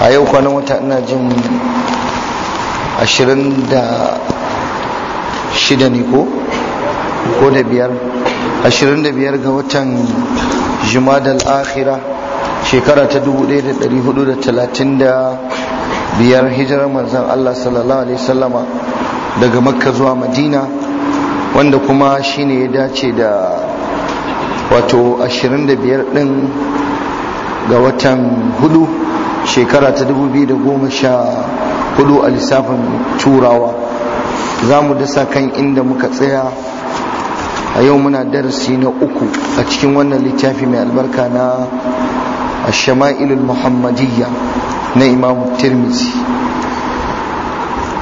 a yau kwanan wata ina jin 26 ne ko ko da biyar 25 ga watan da akhira shekara ta 1435 hijirar manzan Allah sallallahu alaihi sallama daga makka zuwa madina wanda kuma shine ya dace da wato 25 din ga watan hudu shekara ta dubu biyu da goma sha hudu a lissafin turawa za mu dasa kan inda muka tsaya a yau muna darasi na uku a cikin wannan littafi mai albarka na shama'ilul muhammadiyya na imam tirmizi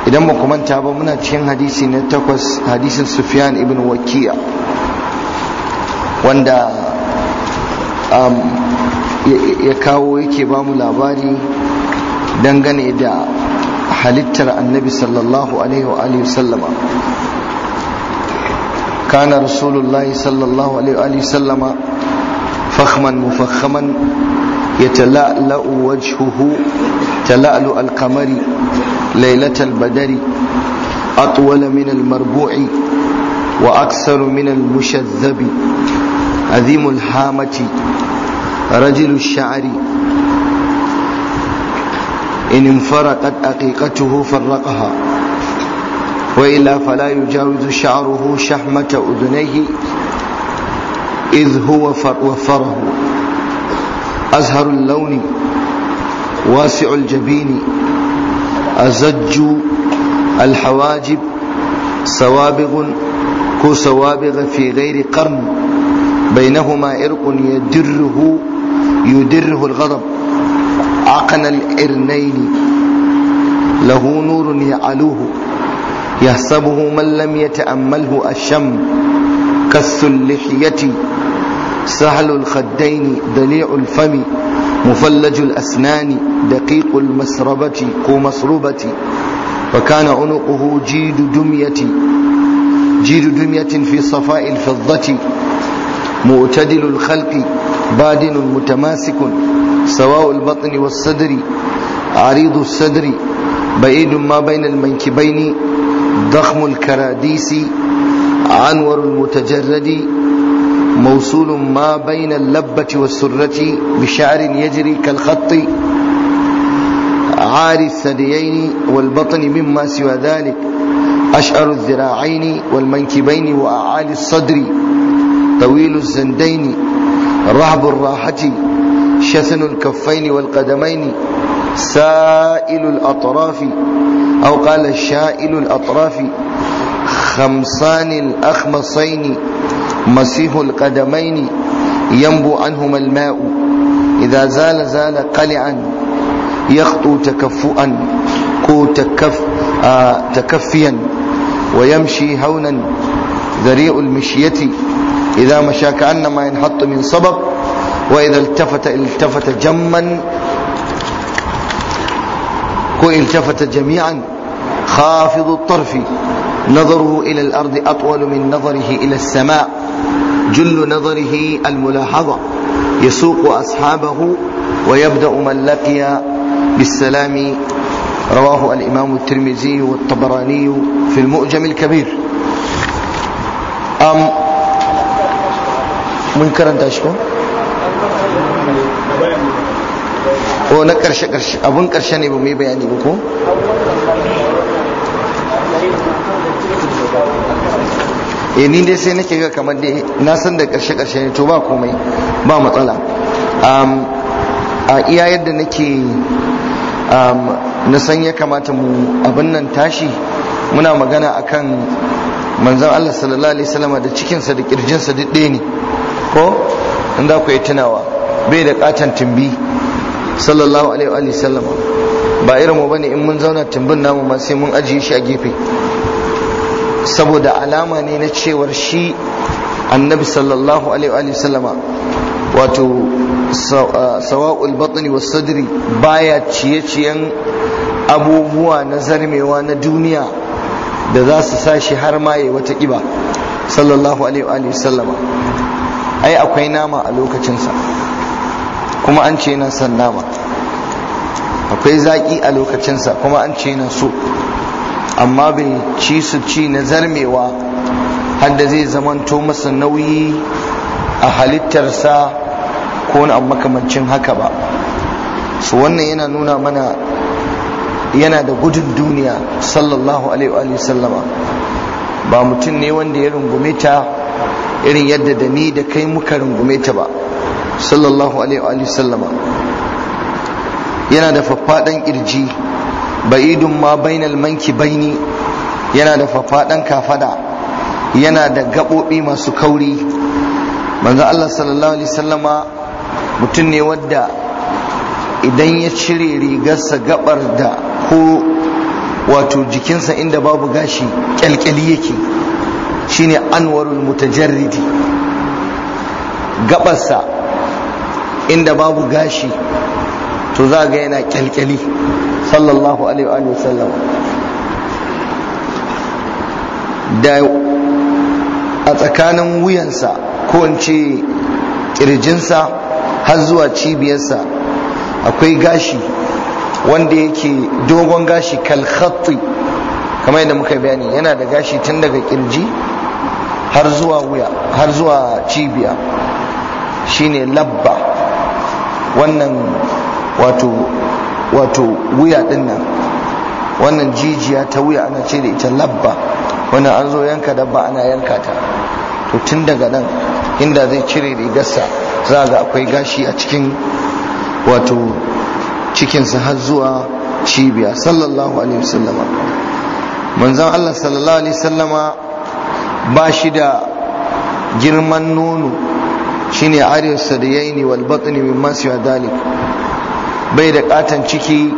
idan ba manta ba muna cikin hadisi na takwas hadisin sufyan ibn wakiya wanda um, ya kawo yake ba mu labari dangane da halittar annabi sallallahu alaihi wa kana rasulullahi sallallahu alaihi wa alihi sallama fakhman mufakhaman يتلألأ وجهه تلألؤ القمر ليلة البدر أطول من المربوع وأكثر من المشذب عظيم الهامة رجل الشعر إن انفرقت أقيقته فرقها وإلا فلا يجاوز شعره شحمة أذنيه إذ هو وفره أزهر اللون واسع الجبين أزج الحواجب سوابغ كسوابغ في غير قرن بينهما إرق يدره يدره الغضب عقل الإرنين له نور يعلوه يحسبه من لم يتأمله الشم كس اللحية سهل الخدين دليع الفم مفلج الأسنان دقيق المسربة ومسربة وكان عنقه جيد دمية جيد دمية في صفاء الفضة معتدل الخلق بادن متماسك سواء البطن والصدر عريض الصدر بعيد ما بين المنكبين ضخم الكراديس عنور المتجرد موصول ما بين اللبة والسرة بشعر يجري كالخط عاري الثديين والبطن مما سوى ذلك أشعر الذراعين والمنكبين وأعالي الصدر طويل الزندين رهب الراحة شسن الكفين والقدمين سائل الأطراف أو قال شائل الأطراف خمسان الأخمصين مسيح القدمين ينبو عنهما الماء إذا زال زال قلعا يخطو تكفؤا كو تكف آه تكفيا ويمشي هونا ذريع المشية إذا مشى كأنما ينحط من صبب وإذا التفت التفت جما التفت جميعا خافض الطرف نظره إلى الأرض أطول من نظره إلى السماء جل نظره الملاحظة يسوق أصحابه ويبدأ من لقي بالسلام رواه الإمام الترمذي والطبراني في المؤجم الكبير mun karanta shi ko ko na karshe karshe abun karshe ne ba mai bayani ba ko e ni dai sai nake ga kamar dai na san da karshe karshe ne to ba komai ba matsala a iya yadda nake na san ya kamata mu abin nan tashi muna magana akan manzan Allah sallallahu alaihi wasallam da cikinsa da kirjinsa duk ɗaya ne ko in za ku yi tunawa bai da katon tumbi sallallahu alaihi wa sallam ba irin mu bane in mun zauna tumbin namu ma sai mun ajiye shi a gefe saboda alama ne na cewar shi annabi sallallahu alaihi wa sallama wato sawa'ul batni was sadri baya ciye-ciyen abubuwa na zarmewa na duniya da za su sa shi har maye wata kiba sallallahu alaihi wa sallama ai akwai nama a lokacinsa kuma an ce yana son nama akwai zaƙi a lokacinsa kuma an ce yana so amma bai ci su ci na zarmewa har da zai zamanto masa nauyi a halittarsa ko wani makamancin haka ba su wannan yana nuna mana yana da gudun duniya sallallahu alaihi wa sallama ba mutum ne wanda ya rungume ta irin yadda da ni da kai muka rungume ta ba sallallahu alaihi wa sallama yana da faffaɗan ƙirji ba'idun ma bainal manki baini yana da faffaɗan kafada yana da gaɓoɓi masu kauri manzo Allah sallallahu alaihi sallama mutum ne wadda idan ya cire rigarsa gabar da ko wato jikinsa inda babu gashi kyalkyali yake shine anwarul mutajarridi gabarsa inda babu gashi to za ga yana kyalkyali sallallahu alaihi wa sallam da a tsakanin wuyansa ko ƙirjinsa ce kirjinsa har zuwa cibiyarsa akwai gashi wanda yake dogon gashi kalkhatti kamar yadda muka bayani yana da gashi tun daga kirji har zuwa wuya har zuwa cibiya shine labba wannan wato wato wuya din nan wannan jijiya ta wuya ana ce da ita labba wani an zo yanka dabba ana yanka ta to tun daga nan inda zai cire rigarsa za ga akwai gashi a cikin wato cikinsa har zuwa cibiya sallallahu alaihi wasallama manzon Allah sallallahu alaihi wasallama ba shi da girman nono shine yi da wal batni mimma masu dalik bai da katon ciki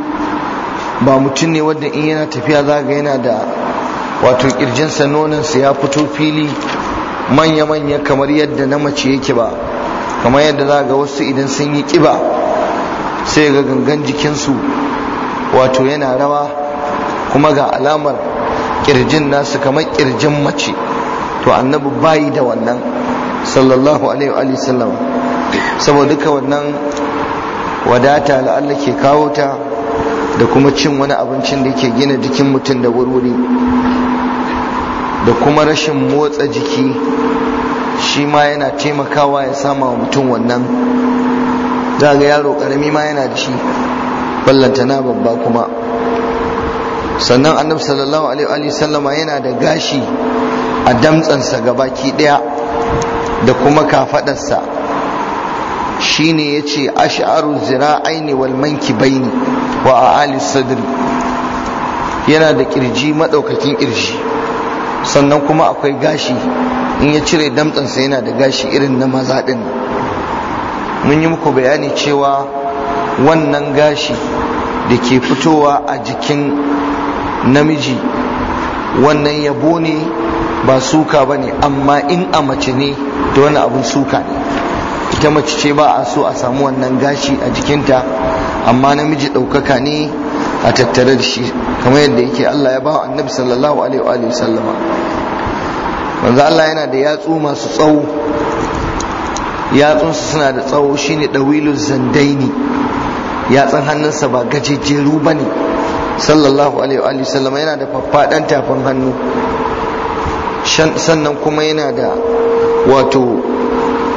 ba mutum ne wadda in yana tafiya zaga yana da wato kirjinsa nonansa ya fito fili manya-manya kamar yadda na mace yake ba kamar yadda za ga wasu idan sun yi kiba sai ga gangan jikinsu wato yana rawa kuma ga alamar kirjin nasu kamar kirjin mace to annabi bayi da wannan sallallahu alaihi wa sallam saboda duka wannan wadata la'alla ke kawo ta da kuma cin wani abincin da ke gina jikin mutum da wurwuri da kuma rashin motsa jiki shi ma yana taimakawa ya sama wa mutum wannan za ga yaro karami ma yana da shi na babba kuma sannan annabi sallallahu alaihi wa sallama yana da gashi a damtsansa gabaki ɗaya da kuma kafaɗarsa ne ya ce ash'aru aini wal ne. wa a alis sadri yana da ƙirji maɗaukakin kirji sannan kuma akwai gashi in ya cire damtsansa yana da gashi irin na maza ɗin mun yi muku bayani cewa wannan gashi da ke fitowa a jikin namiji wannan yabo ne ba suka ba ne amma in a mace ne da wani abin suka ne ita mace ce ba a so a samu wannan gashi a jikinta amma namiji ɗaukaka ne a tattare da shi kamar yadda yake Allah ya ba annabi sallallahu alaihi wa sallama wanda Allah yana da yatsu masu tsawo yatsunsa suna da tsawo shine dawilu zandaini yatsan hannunsa ba gajejeru bane sallallahu alaihi wa sallama yana da faffaɗan tafin hannu sannan kuma yana da wato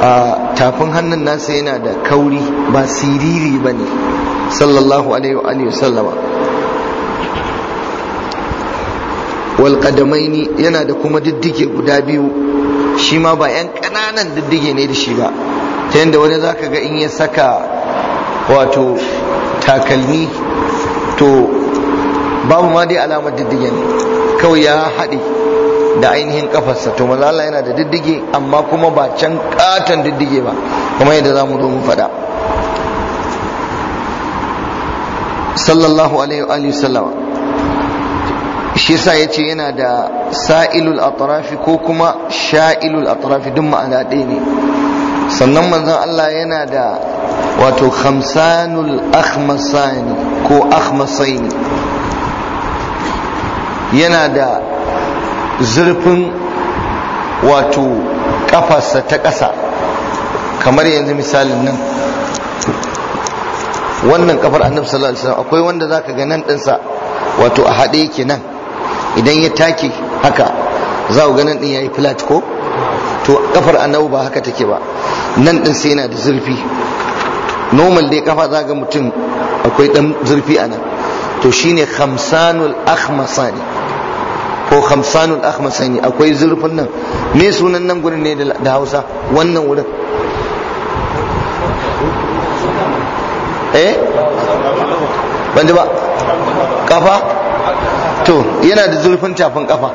a tafin hannun nasa yana da kauri ba siriri ba sallallahu alaihi wa sallama walƙadamaini yana da kuma diddige guda biyu shi ma ba 'yan kananan diddige ne da shi ba ta yanda wani zaka ga in ya saka wato takalmi to babu ma dai alamar diddige kawai ya haɗe da ainihin kafarsa to mazala yana da diddige amma kuma ba can katon diddige ba kuma yadda za mu zo mu faɗa sallallahu alaihi wa alihi sallama shi yasa ce yana da sa'ilul atrafi ko kuma sha'ilul atrafi duk ma'ana ɗaya ne sannan manzon Allah yana da wato khamsanul akhmasani ko akhmasaini yana da zurfin wato kafarsa ta ƙasa kamar yanzu misalin nan wannan kafar annabi sallallahu alaihi wasallam akwai wanda zaka ga nan ɗinsa wato a haɗe yake nan idan ya take haka za ku ga nan ɗin yayi flat ko to kafar annabi ba haka take ba nan ɗin sai yana da zurfi normal dai kafa za ga mutum akwai ɗan zurfi a nan to shine khamsanul akhmasani ko khamsanul akhmasani akwai zurfin nan me sunan nan gurin ne da Hausa wannan wurin eh ban ji ba kafa to yana da zurfin tafin kafa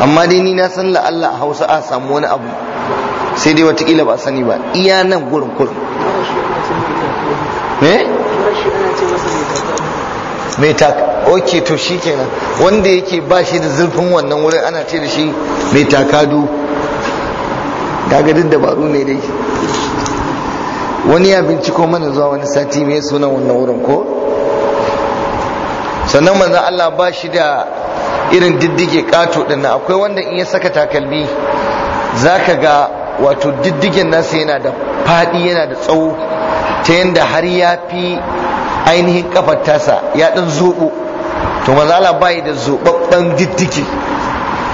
amma dai ni na san la a Hausa a samu wani abu sai dai watakila ba sani ba iya nan gurin kurin eh mai taka ok to shi kenan wanda yake ba shi da zurfin wannan wurin ana ce da shi mai takadu dabaru ne dai wani ya binciko mana zuwa wani sati mai sunan wannan wurin ko sannan manzan Allah ba shi da irin diddige kato din akwai wanda in ya saka takalmi zaka ga wato diddigen nasa yana da fadi yana da tsawo ta yanda har ya fi ainihin kafar tasa ya dan zoɓo, to maza Allah bai da zubabban diddiki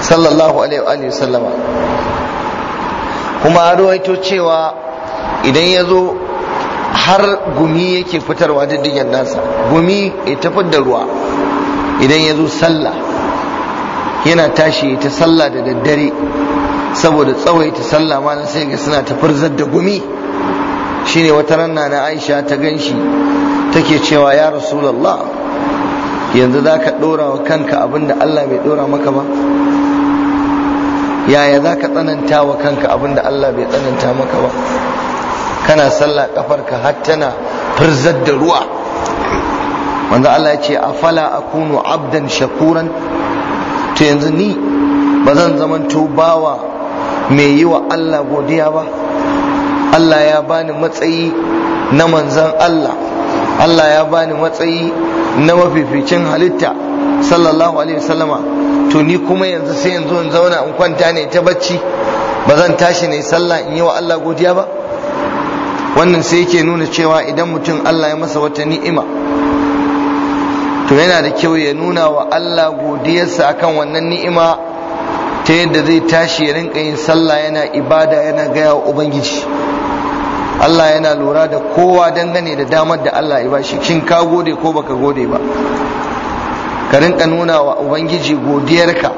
sallallahu alaihi wa sallama kuma ruwaito cewa idan ya zo har gumi yake fitarwa diddigen nasa gumi ya tafar da ruwa idan ya zo sallah yana tashi ta sallah da daddare saboda tsawai ta sallah ma sai ga suna tafar da gumi shine wata ranna na Aisha ta ganshi take cewa ya rasulallah yanzu za ka ɗora wa kanka abin Allah bai ɗora maka ba yaya za ka tsananta wa kanka abin Allah bai tsananta maka ba kana sallah kafarka har tana firzar da ruwa wanda Allah ya ce afala akunu abdan shakuran to yanzu ni ba zan zamanto bawa mai yi wa Allah godiya ba Allah ya bani matsayi na manzan Allah Allah ya bani matsayi na mafificin halitta sallallahu alaihi wasallama to ni kuma yanzu sai yanzu in zauna in kwanta ne ta bacci ba zan tashi ne sallah in yi wa Allah godiya ba wannan sai yake nuna cewa idan mutum Allah ya masa wata ni'ima to yana da kyau ya nuna wa Allah godiyarsa akan wannan ni'ima ta yadda zai tashi ya rinka yin sallah yana ibada yana gaya wa ubangiji Allah yana lura da kowa dangane da damar da Allah ya bashi shin ka gode ko baka gode ba ka rinka nuna wa ubangiji godiyarka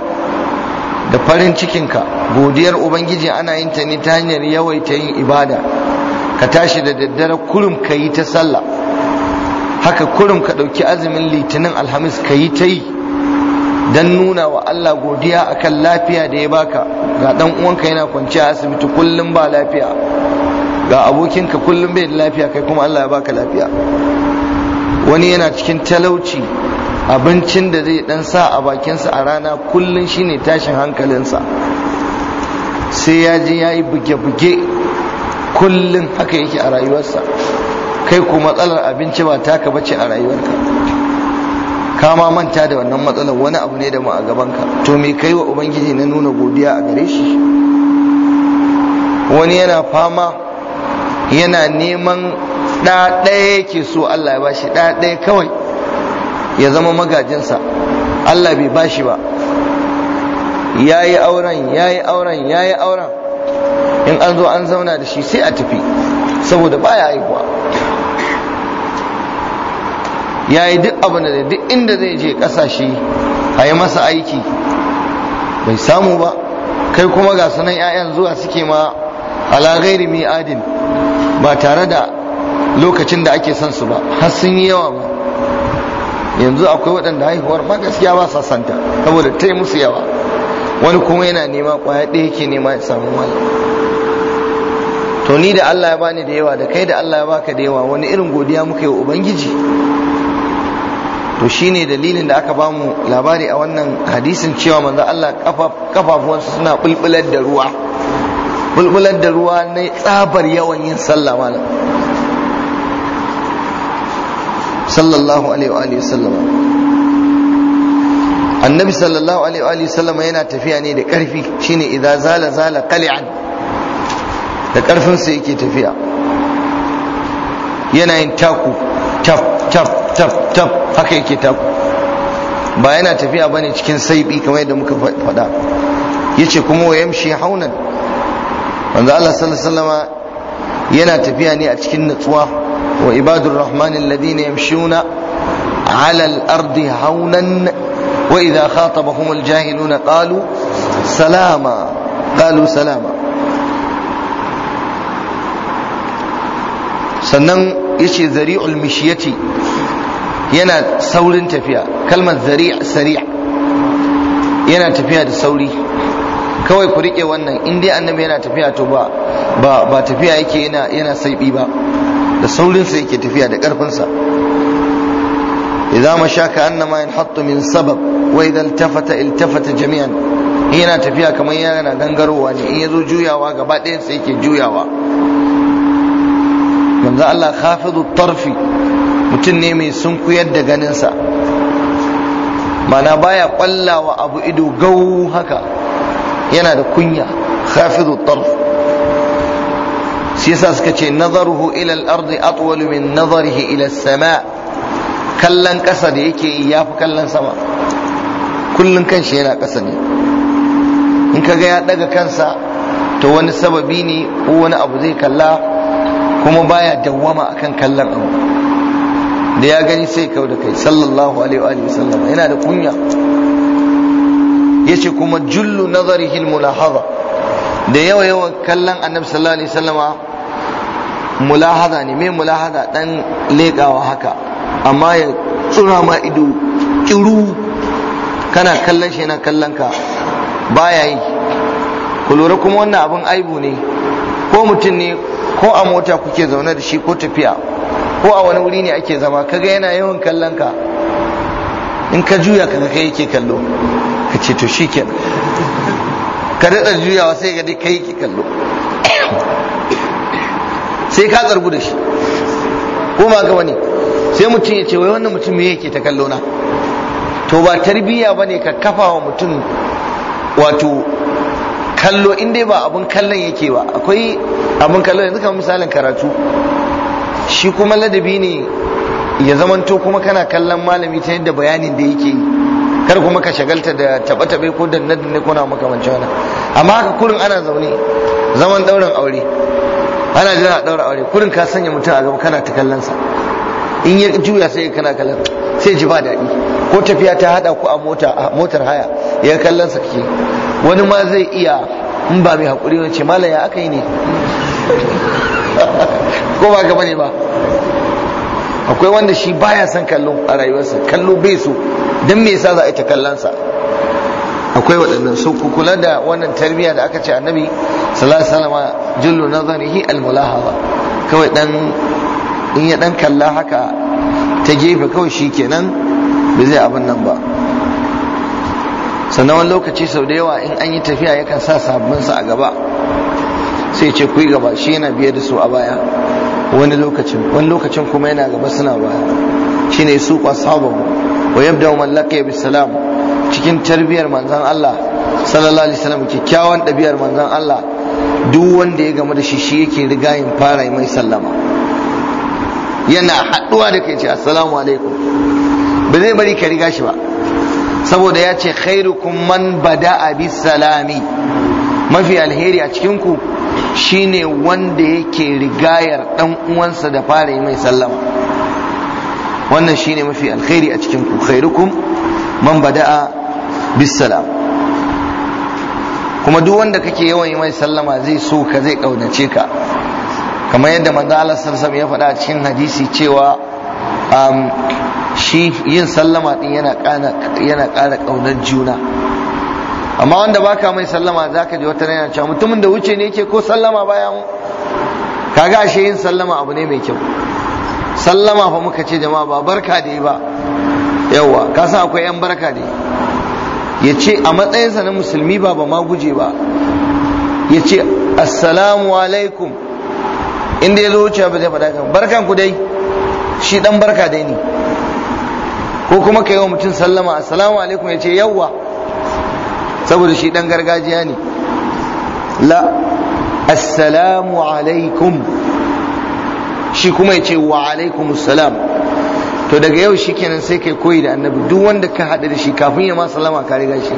da farin cikinka godiyar ubangiji ana yin ta ne ta hanyar yawaita yin ibada ka tashi da daddare kurum ka yi ta sallah haka kurum ka ɗauki azumin litinin alhamis ka yi ta yi don nuna wa Allah godiya akan lafiya da ya baka ga ɗan uwanka yana kwanciya asibiti kullum ba lafiya ga abokinka kullum bai da lafiya kai kuma Allah ya baka lafiya wani yana cikin talauci abincin da zai dan sa a bakinsa a rana kullum shine tashin hankalinsa sai ya ji ya yi buge-buge kullum haka yake a rayuwarsa kai ko matsalar abinci ba taka bace a rayuwarka Kama manta da wannan matsalar wani abu ne da mu a gabanka to me kai wa ubangiji na nuna godiya a gare shi wani yana fama yana neman ɗa ɗaya yake so Allah ya bashi ɗa ɗaya kawai ya zama magajinsa Allah bai bashi ba ya yi auren ya yi auren ya yi auren in an zo an zauna da shi sai a tafi saboda baya haihuwa ya yi duk abin da duk inda zai je kasashe a yi masa aiki bai samu ba kai kuma ga sanan 'ya'yan zuwa suke ma ala ghairi mi'adin adin ba tare da lokacin da ake son su ba har sun yi yawa ba yanzu akwai waɗanda haihuwar ba gaskiya ba sa santa saboda ta yi musu yawa wani kuma yana nema kwaya ɗaya yake nema ya samu mai to ni da Allah ya bani da yawa da kai da Allah ya baka da yawa wani irin godiya muka yi wa ubangiji to shine dalilin da aka bamu labari a wannan hadisin cewa manzo Allah kafafuwansu suna bulbular da ruwa bulbular da ruwa na tsabar yawan yin sallah malam sallallahu alaihi wa alihi sallama annabi sallallahu alaihi wa alihi sallama yana tafiya ne da karfi shine idza zala zala qali'an da karfin sa yake tafiya yana yin taku tap tap tap tap haka yake taku ba yana tafiya bane cikin saibi kamar yadda muka faɗa yace kuma wa yamshi haunan manzo Allah sallallahu yana tafiya ne a cikin nutsuwa wa ibadur rahmanin ladina yamshuna ala al-ardi haunan wa idha khatabahum al-jahiluna qalu salama qalu salama sannan yace zari'ul mishiyati yana saurin tafiya kalmar zari' sari' yana tafiya da sauri kawai ku rike wannan in dai annabi yana tafiya to ba ba tafiya yake yana yana saibi ba da saurinsa yake tafiya da karfinsa idza mashaka annama yanhattu min sabab wa idza iltafata iltafata jami'an yana tafiya kamar yana gangarowa ne in yazo juyawa gaba ɗayan sa yake juyawa manzo Allah khafidu tarfi mutum ne mai sunkuyar da sa mana baya kwallawa abu ido gau haka yana da kunya khafidu tarf shi yasa suka ce nazaruhu ila al-ardi atwal min nazarihi ila as-sama kallon kasa da yake yi yafi kallan sama kullun kanshi yana kasa ne in kaga ya daga kansa to wani sababi ne ko wani abu zai kalla kuma baya dawwama akan kallon abu da ya gani sai kau da kai sallallahu alaihi wa sallam yana da kunya yace kuma jullu nazarihi mulahaza da yawa yawan kallon annabi sallallahu alaihi wasallama mulahaza ne mai mulahaza dan lekawa haka amma ya tsura ma ido kiru kana kallon shi yana kallon ka baya yi ku lura kuma wannan abin aibu ne ko mutum ne ko a mota kuke zaune da shi ko tafiya ko a wani wuri ne ake zama kaga yana yawan kallon ka in ka juya ka kai yake kallo ka ce to shi ke ka daɗa juyawa sai ga kai yake kallo sai ka tsargu da shi ko ma ga wani sai mutum ya ce wai wannan mutum me yake ta kallo na to ba tarbiyya bane ka kafa wa mutum wato kallo in dai ba abun kallon yake ba akwai abun kallon yanzu kamar misalin karatu shi kuma ladabi ne ya zamanto kuma kana kallon malami ta yadda bayanin da yake yi kar kuma ka shagalta da taɓe-taɓe ko da nadin ko na makamancin wani amma haka kurin ana zaune zaman ɗaurin aure ana jira a ɗaura aure kurin ka sanya mutum a gaba kana ta kallon sa in ya juya sai kana kallon sai ji ba daɗi ko tafiya ta haɗa ku a mota motar haya ya kallon sa ke wani ma zai iya in ba mai haƙuri wani ce malam ya aka yi ne ko ba gaba ne ba akwai wanda shi baya son kallo a rayuwarsa kallo bai so don me yasa za a yi kallonsa akwai waɗannan su ku kula da wannan tarbiyya da aka ce annabi sallallahu alaihi wasallam jullu nazarihi almulahaza kawai dan in ya dan kalla haka ta gefe kawai shikenan bai zai abin nan ba sannan lokaci sau da yawa in an yi tafiya yakan sa sabbinsa a gaba sai ce ku gaba shi yana biye da su a baya wani lokacin wani lokacin kuma yana gaba suna baya shine su qasabu wa yabda man laqiya bi salam cikin tarbiyar manzon Allah sallallahu alaihi wasallam kikkiawan ɗabi'ar manzon Allah duk wanda ya gamu da shi shi yake riga yin fara mai sallama yana haɗuwa da kai ce assalamu alaikum ba zai bari ka riga shi ba saboda ya ce khairukum man bada'a bis salami mafi alheri a cikin ku shine wanda yake rigayar dan uwansa da fara yi mai sallama wannan shine mafi alkhairi a cikin ku khairukum man bada'a bis kuma duk wanda kake yawan yi mai sallama zai so ka zai kaunace ka kamar yadda manzo Allah sallallahu ya faɗa a cikin hadisi cewa um, shi yin sallama din yana ƙara ƙaunar juna amma wanda baka mai sallama zaka ji wata yana cewa mutumin da wuce ne yake ko sallama baya mu kaga ashe yin sallama abu ne mai kyau sallama fa muka ce jama'a ba barka da ba yawa ka san akwai yan barka da ya ce a matsayinsa na musulmi ba ba ma guje ba ya ce assalamu alaikum inda ya zo wucewa ba zai faɗa kan barkan ku dai shi dan barka dai ne ko kuma ka yi wa mutum sallama assalamu alaikum ya ce yawwa saboda shi dan gargajiya ne la assalamu alaikum shi kuma ya ce wa alaikum assalam to daga yau shi kenan sai kai koyi da annabi duk wanda ka haɗu da shi kafin ya ma salama ka riga shi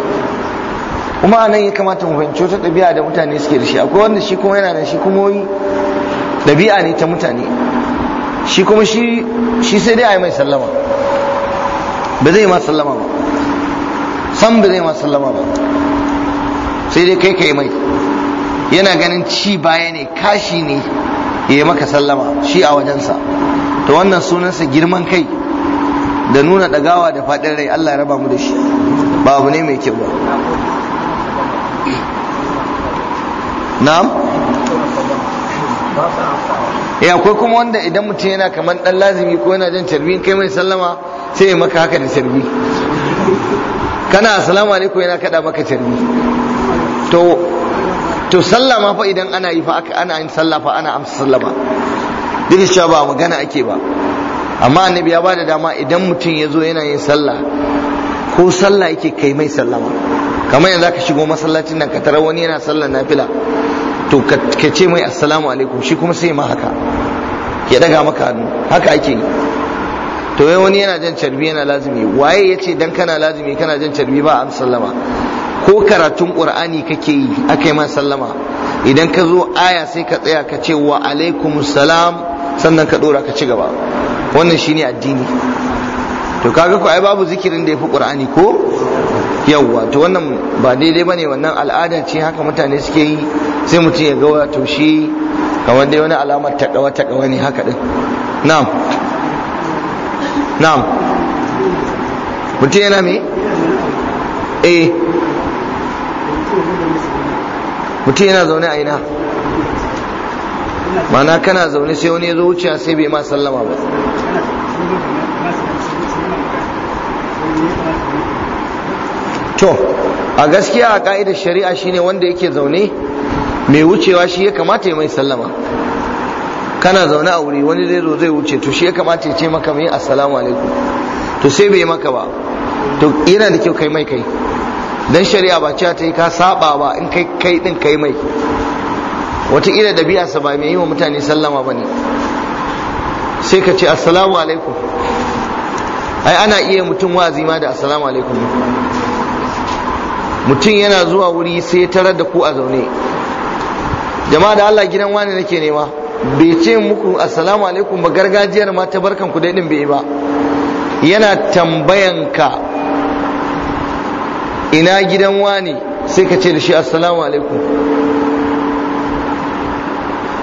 kuma a nan ya kamata mu fahimci wata ɗabi'a da mutane suke da shi akwai wanda shi kuma yana da shi kuma yi ɗabi'a ne ta mutane shi kuma shi sai dai a yi mai sallama ba zai ma sallama ba san ba zai ma sallama ba sai dai kai kai mai yana ganin ci baya ne kashi ne ya yi maka sallama shi a wajensa to wannan sunansa girman kai da nuna ɗagawa da faɗin rai Allah ya raba mu da shi ba abu ne mai kyau ba na'am Ya eh, akwai kuma wanda idan mutum yana kamar ɗan lazimi ko yana jan carbi kai mai sallama sai ya maka haka da carbi kana assalamu alaikum yana kada maka tarbi to to sallama fa idan ana yi fa ana yin salla fa ana amsa sallama duk cewa ba magana ake ba amma annabi ya ba da dama idan mutum ya zo yana yin sallah ko salla yake kai mai sallama kamar yanzu ka shigo masallacin nan ka tarar wani yana sallar nafila to ka ce mai assalamu alaikum shi kuma sai ma haka ya daga maka hannu haka ake yi to wai wani yana jan carbi yana lazimi waye ya ce dan kana lazimi kana jan carbi ba a sallama ko karatun qur'ani kake yi aka yi sallama idan ka zo aya sai ka tsaya ka ce wa alaikum salam sannan ka dora ka ci gaba wannan shine addini to kaga ko ai babu zikirin da ya fi qur'ani ko yawwa to wannan ba daidai bane wannan al'ada ce haka mutane suke yi sai mutum ya ga wato shi kamar dai wani alamar takawa takawa ne haka din na'am na'am mutum yana eh. mutum yana zaune a ina mana kana zaune sai wani ya zo wuciya sai bai ma sallama ba to a gaskiya a ka'idar shari'a shine wanda yake zaune mai wucewa shi ya kamata ya mai sallama kana zaune a wuri wani zai zo zai wuce to shi ya kamata ya ce maka mai assalamu alaikum to sai bai maka ba to yana da kyau kai mai kai dan shari'a ba cewa ta yi ka saba ba in kai kai din kai mai wata ila dabi'a sa ba mai yi wa mutane sallama bane sai ka ce assalamu alaikum ai ana iya mutum wa'azi ma da assalamu alaikum mutum yana zuwa wuri sai ya tarar da ku a zaune jama'a da Allah gidan wani nake nema bai ce muku assalamu alaikum ba gargajiyar ma ta barkan ku daidin bai ba yana tambayan ka ina gidan wani sai ka ce da shi assalamu alaikum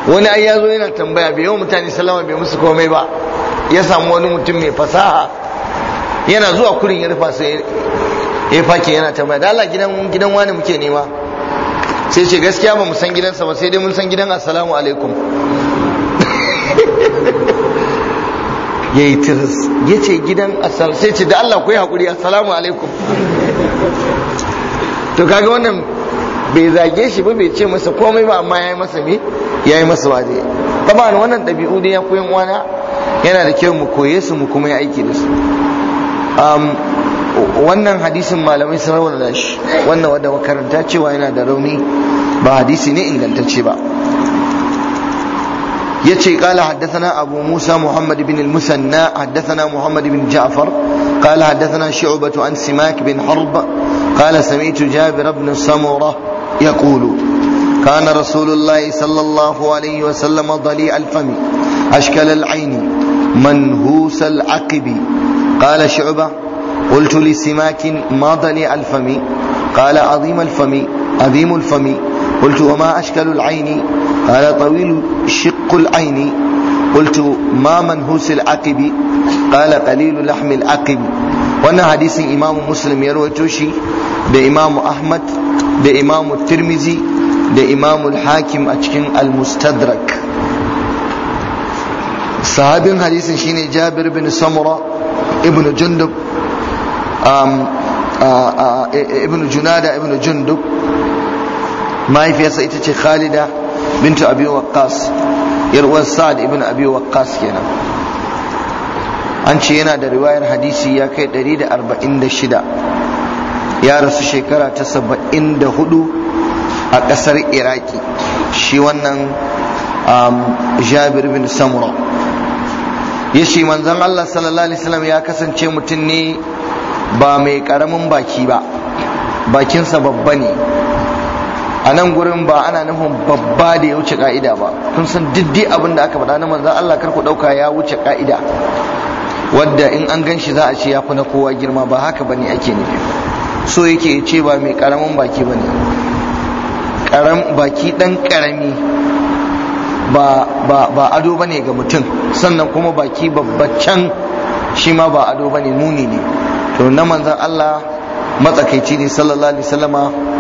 wani ai zo yana tambaya bai yawan mutane salama bai musu komai ba ya samu wani mutum mai fasaha yana zuwa kurin ya rufa sai ya fake yana tambaya da Allah gidan gidan wani muke nema sai ce gaskiya ba mu san gidansa ba sai dai mun san gidan assalamu alaikum ya yi tiris ya ce gidan asal sai ce da Allah ku yi haƙuri assalamu alaikum to kaga wannan bai zage shi ba bai ce masa komai ba amma ya yi masa ne? ya yi masa waje taban wannan ɗabi'u da ya koyan wana yana da kyau mu koye su mu kuma yi aiki da su wannan hadisin malamai sun rawar da shi wannan wadda wakaranta cewa yana da rauni ba hadisi ne ingantacce ba يتشي قال حدثنا أبو موسى محمد بن المثنى حدثنا محمد بن جعفر قال حدثنا شعبة عن سماك بن حرب قال سمعت جابر بن سمرة يقول كان رسول الله صلى الله عليه وسلم ضليع الفم أشكل العين منهوس العقب قال شعبة قلت لسماك ما ضليع الفم قال عظيم الفم عظيم الفم قلت وما أشكال العين قال طويل شق العين قلت ما منهوس العقب قال قليل لحم العقب وانا حديث إمام مسلم يروي توشي ده إمام أحمد ده إمام الترمذي ده إمام الحاكم أتكن المستدرك صحابين حديث شيني جابر بن سمرة ابن جندب آم آ آ ابن جنادة ابن جندب mahaifiyarsa ita ce Khalida bintu Abi Waqqas yar uwar Sa'ad ibn Abi Waqqas kenan an ce yana da riwayar hadisi ya kai 146 ya rasu shekara ta 74 a ƙasar Iraki shi wannan um, Jabir bin Samura shi manzon Allah sallallahu alaihi wasallam ya kasance mutum ne ba mai karamin baki ba bakinsa babba ne a nan gurin ba ana nufin babba da ya wuce ka'ida ba kun san diddi abin da aka faɗa na manzan Allah kar ku ɗauka ya wuce ka'ida wadda in an gan shi za a ce ya fi na kowa girma ba haka bane ake ne so yake ce ba mai karamin baki bane karam baki dan karami ba ba ba ado bane ga mutum sannan kuma baki babbacan shi ma ba ado bane muni ne to na manzan Allah matsakaici ne sallallahu alaihi wasallama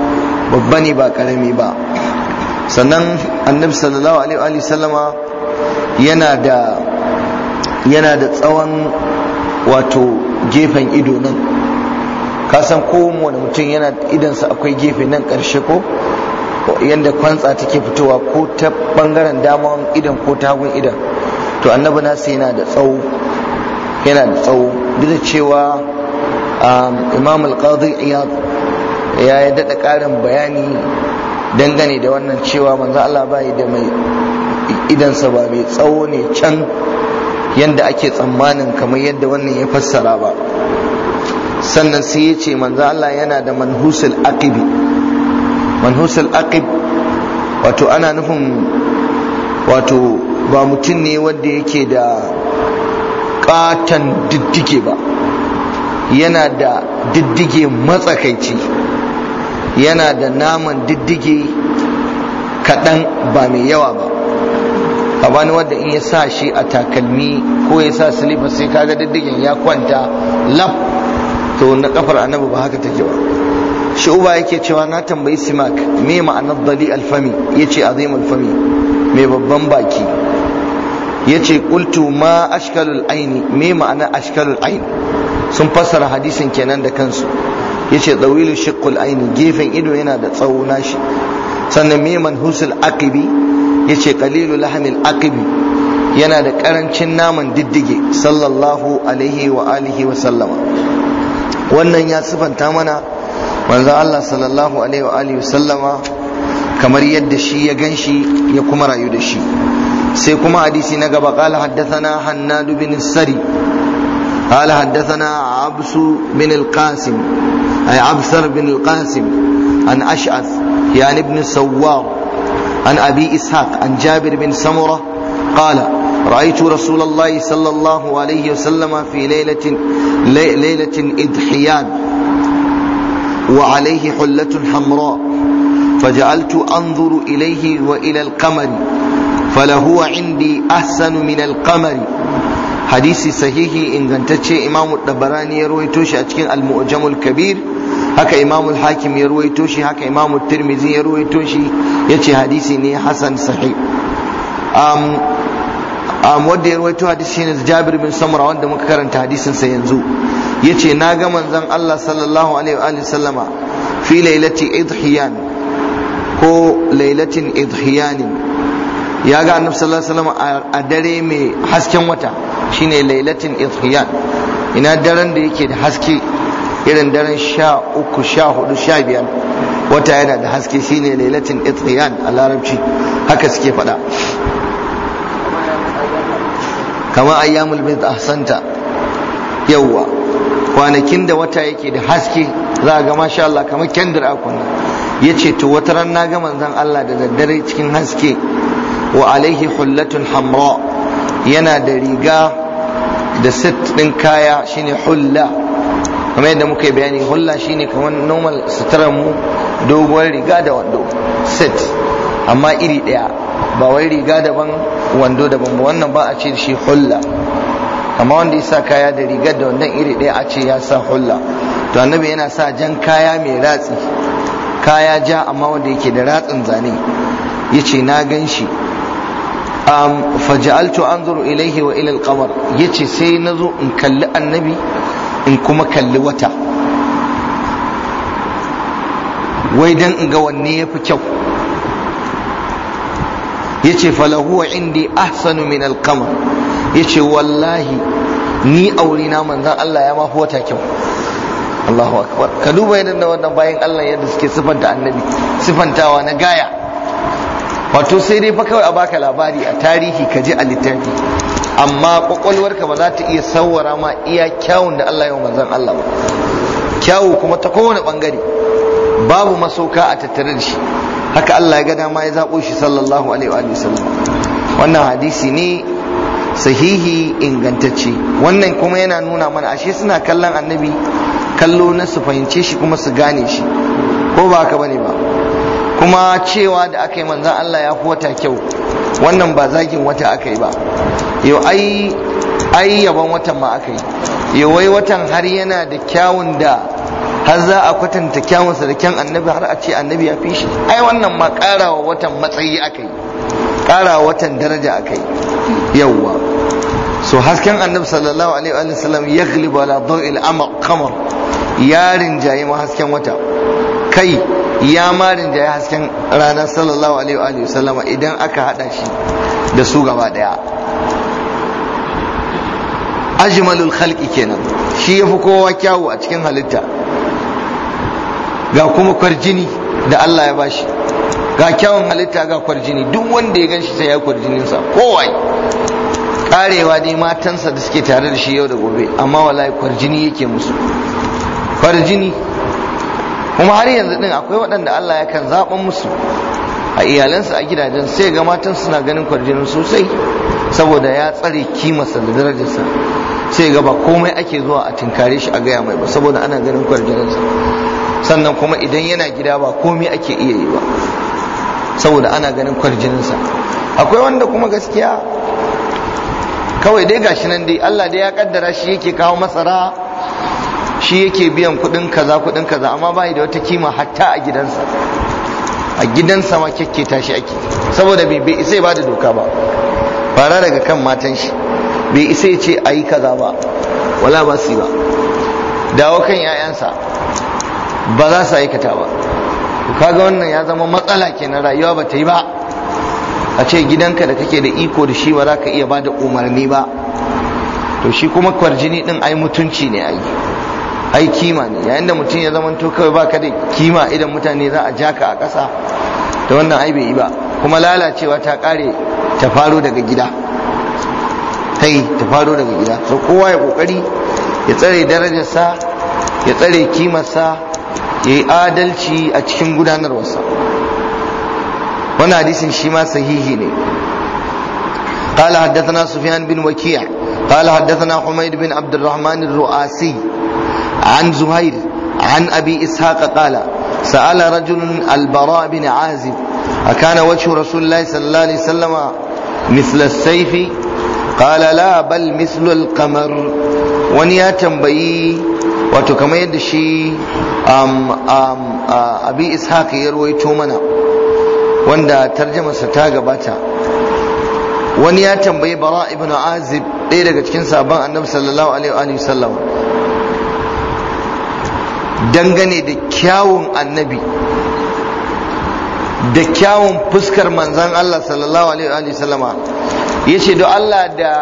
babba ne ba karami ba sannan annabi sallallahu alaihi sallama yana da yana da tsawon wato gefen ido nan ka san kowane mutum yana idansa akwai gefe nan ƙarshe ko yadda kwantsa take fitowa ko ta bangaren damar idan ko ta hagun idan to annabi nasu yana da tsawo yana da tsawo duk da cewa um, imam al-qadi iyad ya yi daɗa ƙarin bayani dangane da wannan cewa manzo Allah bai da mai idansa ba mai tsawo ne can yadda ake tsammanin kamar yadda wannan ya fassara ba sannan sai ya ce manzo Allah yana da manhusul aqibi manhusul aqib wato ana nufin wato ba mutum ne wanda yake da ƙaton diddige ba yana da diddige matsakaici yana da naman diddige kaɗan ba mai yawa ba a bani wadda in ya sa shi a takalmi ko ya sa silifa sai kaga diddigen ya kwanta lab to na kafar annabi ba haka take ba shi uba yake cewa na tambayi simak me ma'anar dali alfami yace azim alfami mai babban baki yace kultu ma ashkalul aini me ma'anar ashkalul aini sun fassara hadisin kenan da kansu yace dawilu shiqqul aini gefen ido yana da tsawo nashi sannan miman husul aqibi yace qalilu lahmil aqibi yana da karancin naman diddige sallallahu alaihi wa alihi wa sallama wannan ya sifanta mana manzon Allah sallallahu alaihi wa alihi wa sallama kamar yadda shi ya ganshi ya kuma rayu da shi sai kuma hadisi na gaba qala haddathana hannadu bin sari قال حدثنا عبس بن القاسم أي عبثر بن القاسم عن أشعث يعني ابن سوار عن أبي إسحاق عن جابر بن سمرة قال رأيت رسول الله صلى الله عليه وسلم في ليلة ليلة إدحيان وعليه حلة حمراء فجعلت أنظر إليه وإلى القمر فلهو عندي أحسن من القمر حديث صحيح إن كنت إمام الدبراني يروي توش أتكين المؤجم الكبير haka imamul hakim ya ruwaito shi haka imamul tirmizi ya ruwaito shi ya ce hadisi ne hasan sahi Wadda um, um, wanda ya ruwaito hadisi ne jabir bin samura wanda muka karanta hadisin sa yanzu yace na ga zan Allah sallallahu alaihi wa sallama fi lailati idhiyan ko lailatin idhiyan ya ga annabi sallallahu alaihi wasallam a dare mai hasken wata shine lailatin idhiyan ina daren da yake da haske irin daren sha uku sha hudu sha biyar wata yana da haske shine lailatin itriyan a larabci haka suke faɗa kama ayyamul bid ahsanta yawwa kwanakin da wata yake da haske za ga masha Allah kamar kendir a kunna yace to wata ran na ga manzon Allah da daddare cikin haske wa alaihi hullatun hamra yana da riga da set ɗin kaya shine hulla kamar yadda muka yi bayani hulla shine kamar normal suturar mu doguwar riga da wando set amma iri ɗaya ba wai riga daban wando daban ba wannan ba a ce shi hulla amma wanda ya sa kaya da riga da wannan iri ɗaya a ce ya sa hulla to annabi yana sa jan kaya mai ratsi kaya ja amma wanda yake da ratsin zane Ya ce na gan shi an anzuru ilaihi wa ilal kamar qamar yace sai nazo in kalli annabi in kuma kalli wata wai dan in ga wanne ya fi kyau ya ce falahuwa indi ahsanu min alkama. ya ce wallahi ni aurina manzan Allah ya mafi wata kyau Allahu akbar ka duba yadda wannan bayan Allah yadda suke sifanta annabi sifantawa na gaya wato sai dai fa kawai a baka labari a tarihi ka a littafi amma kwakwalwarka ba za ta iya sawwara ma iya kyawun da Allah yau manzan Allah ba kyawu kuma ta kowane bangare babu masauka a tattare da shi haka Allah ya gada ma ya zaɓo shi sallallahu alaihi wa sallam wannan hadisi ne sahihi ingantacce wannan kuma yana nuna mana ashe suna kallon annabi kallo na su fahimce shi kuma su gane shi ko ba haka bane ba kuma cewa da aka yi manzan Allah ya fi wata kyau wannan ba zagin wata aka yi ba yau ai yaban watan ma aka yi yau wai watan har yana da kyawun da har za a kwatanta kyawunsa da kyan annabi har a ce annabi ya fi shi ai wannan ma karawa watan matsayi aka yi karawa watan daraja aka yi yauwa so hasken annabi sallallahu alaihi wa sallam ya gliba ala dawil qamar yarin jayi ma hasken wata kai ya marin da ya hasken rana sallallahu alaihi wa sallama idan aka hada shi da su gaba daya ajmalul khalqi kenan shi yafi kowa kyawu a cikin halitta ga kuma kwarjini da Allah ya bashi ga kyawun halitta ga kwarjini duk wanda ya ganshi sai ya kwarjininsa kowai karewa dai matansa da suke tare da shi yau da gobe amma wallahi kwarjini yake musu kwarjini kuma har yanzu din akwai waɗanda Allah ya kan zaɓan musu a iyalansu a gidajen sai ga matan suna ganin kwarjinin sosai saboda ya tsare kimarsa da darajarsa sai ga ba komai ake zuwa a tinkare shi a gaya mai ba saboda ana ganin kwarjininsa sannan kuma idan yana gida ba komai ake iya yi ba saboda ana ganin kwarjininsa akwai wanda kuma gaskiya kawai dai gashi nan dai Allah dai ya kaddara shi yake kawo masara shi yake biyan kuɗin kaza kuɗin kaza amma bai da wata kima hatta a gidansa a gidansa ma kyakke tashi ake saboda bai isa ba da doka ba fara daga kan matan shi bai isa ce a yi kaza ba wala ba su yi ba dawo kan 'ya'yansa ba za su aikata ba kaga wannan ya zama matsala kenan rayuwa ba ta yi ba a ce gidanka da kake da iko da shi ba za ka iya ba da umarni ba to shi kuma kwarjini din ai mutunci ne ai ai kima ne yayin da mutum ya zama to kawai baka da kima idan mutane za a ja ka a ƙasa da wannan ai bai yi ba kuma lalacewa ta ƙare ta faro daga gida kai ta faro daga gida so kowa ya kokari ya tsare darajarsa ya tsare kimarsa ya yi adalci a cikin gudanarwarsa wannan hadisin shi ma sahihi ne قال حدثنا سفيان بن وكيع قال حدثنا حميد بن عبد الرحمن الرؤاسي Han Zuhair, han أبي إسحاق قال Sa'ala, رجل البراء بن عازب أكان وجه رسول الله صلى الله عليه وسلم مثل السيف قال لا بل wani ya tambayi wato kamar yadda shi abi ishaq ya ruwaito mana wanda tarjamarsa ta gabata wani ya tambayi bara ibn azib ɗaya daga cikin sabon annabi sallallahu alaihi wa sallam dangane da kyawun annabi da kyawun fuskar manzan Allah sallallahu alaihi sallama ya ce don Allah da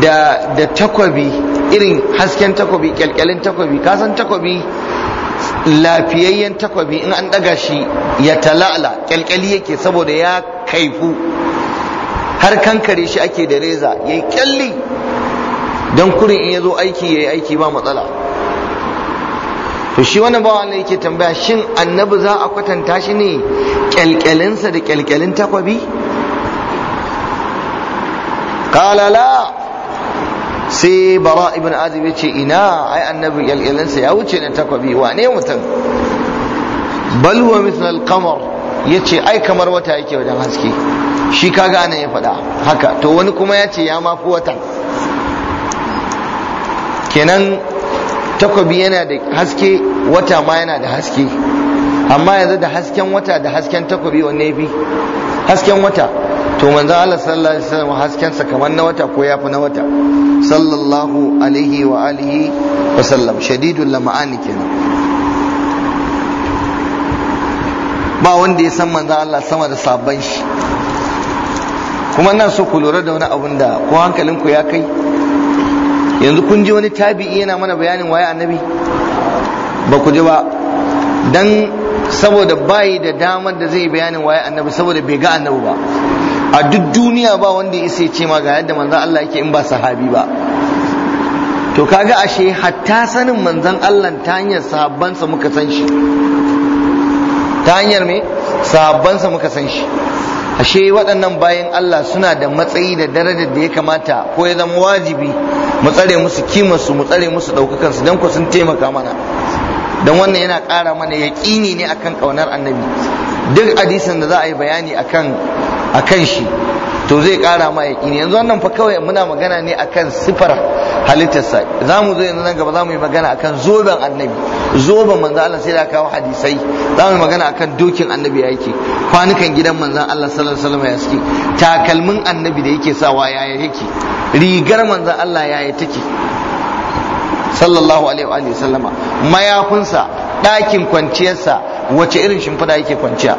da da takwabi irin hasken takwabi kyalkyalin takwabi kasan takwabi lafiyayyen takwabi in an daga shi ya tala'ala kyalkyali yake saboda ya kaifu har kankare shi ake da reza ya yi kyalli don kurin in ya zo aiki ya yi aiki ba matsala to shi wani bawa ne yake tambaya shin annabi za a kwatanta shi ne kyalkyalinsa da kyalkyalin takwabi qala la sai bara ibn azib ya ce ina ai annabi kyalkyalinsa ya wuce na takwabi wane mutum bal huwa mithl qamar yace ai kamar wata yake wajen haske shi kaga gane ya faɗa haka to wani kuma ya ce ya mafi wata kenan takobi yana da haske wata ma yana da haske amma yanzu da hasken wata da hasken takobi wanne bi hasken wata to manzo Allah sallallahu alaihi wasallam hasken sa kamar na wata ko yafi na wata sallallahu alaihi wa alihi wa sallam shadidul lam'ani kenan ba wanda ya san manzo Allah sama da sabban shi kuma nan so ku lura da wani abun da ko hankalinku ya kai yanzu kun ji wani tabi'i yana mana bayanin waye annabi ba ku ji ba dan saboda bayi da damar da zai bayanin waye annabi saboda bai ga annabi ba a duk duniya ba wanda ya isa ce ma ga yadda manzon Allah yake in ba sahabi ba to kaga ashe hatta sanin manzon Allah ta hanyar sahabbansa muka san shi ta hanyar me sahabbansa muka san shi ashe waɗannan bayan Allah suna da matsayi da darajar da ya kamata ko ya zama wajibi mu tsare musu kimarsu mu tsare musu ɗaukakansu don ku sun taimaka mana don wannan yana ƙara mana yaƙini ne akan ƙaunar annabi duk hadisin da za a yi bayani akan akan shi to zai kara ma ne. yanzu wannan fa kawai muna magana ne akan sifar halittarsa za mu zo yanzu nan gaba za mu yi magana akan zoben annabi zoben manzan Allah sai da kawo hadisai za mu yi magana akan dokin annabi ya yake kwanukan gidan manzan Allah sallallahu alaihi wasallam ya suke takalmin annabi da yake sawa ya yake rigar manzan Allah ya take sallallahu alaihi wa sallama mayafinsa ɗakin kwanciyarsa wace irin shimfiɗa yake kwanciya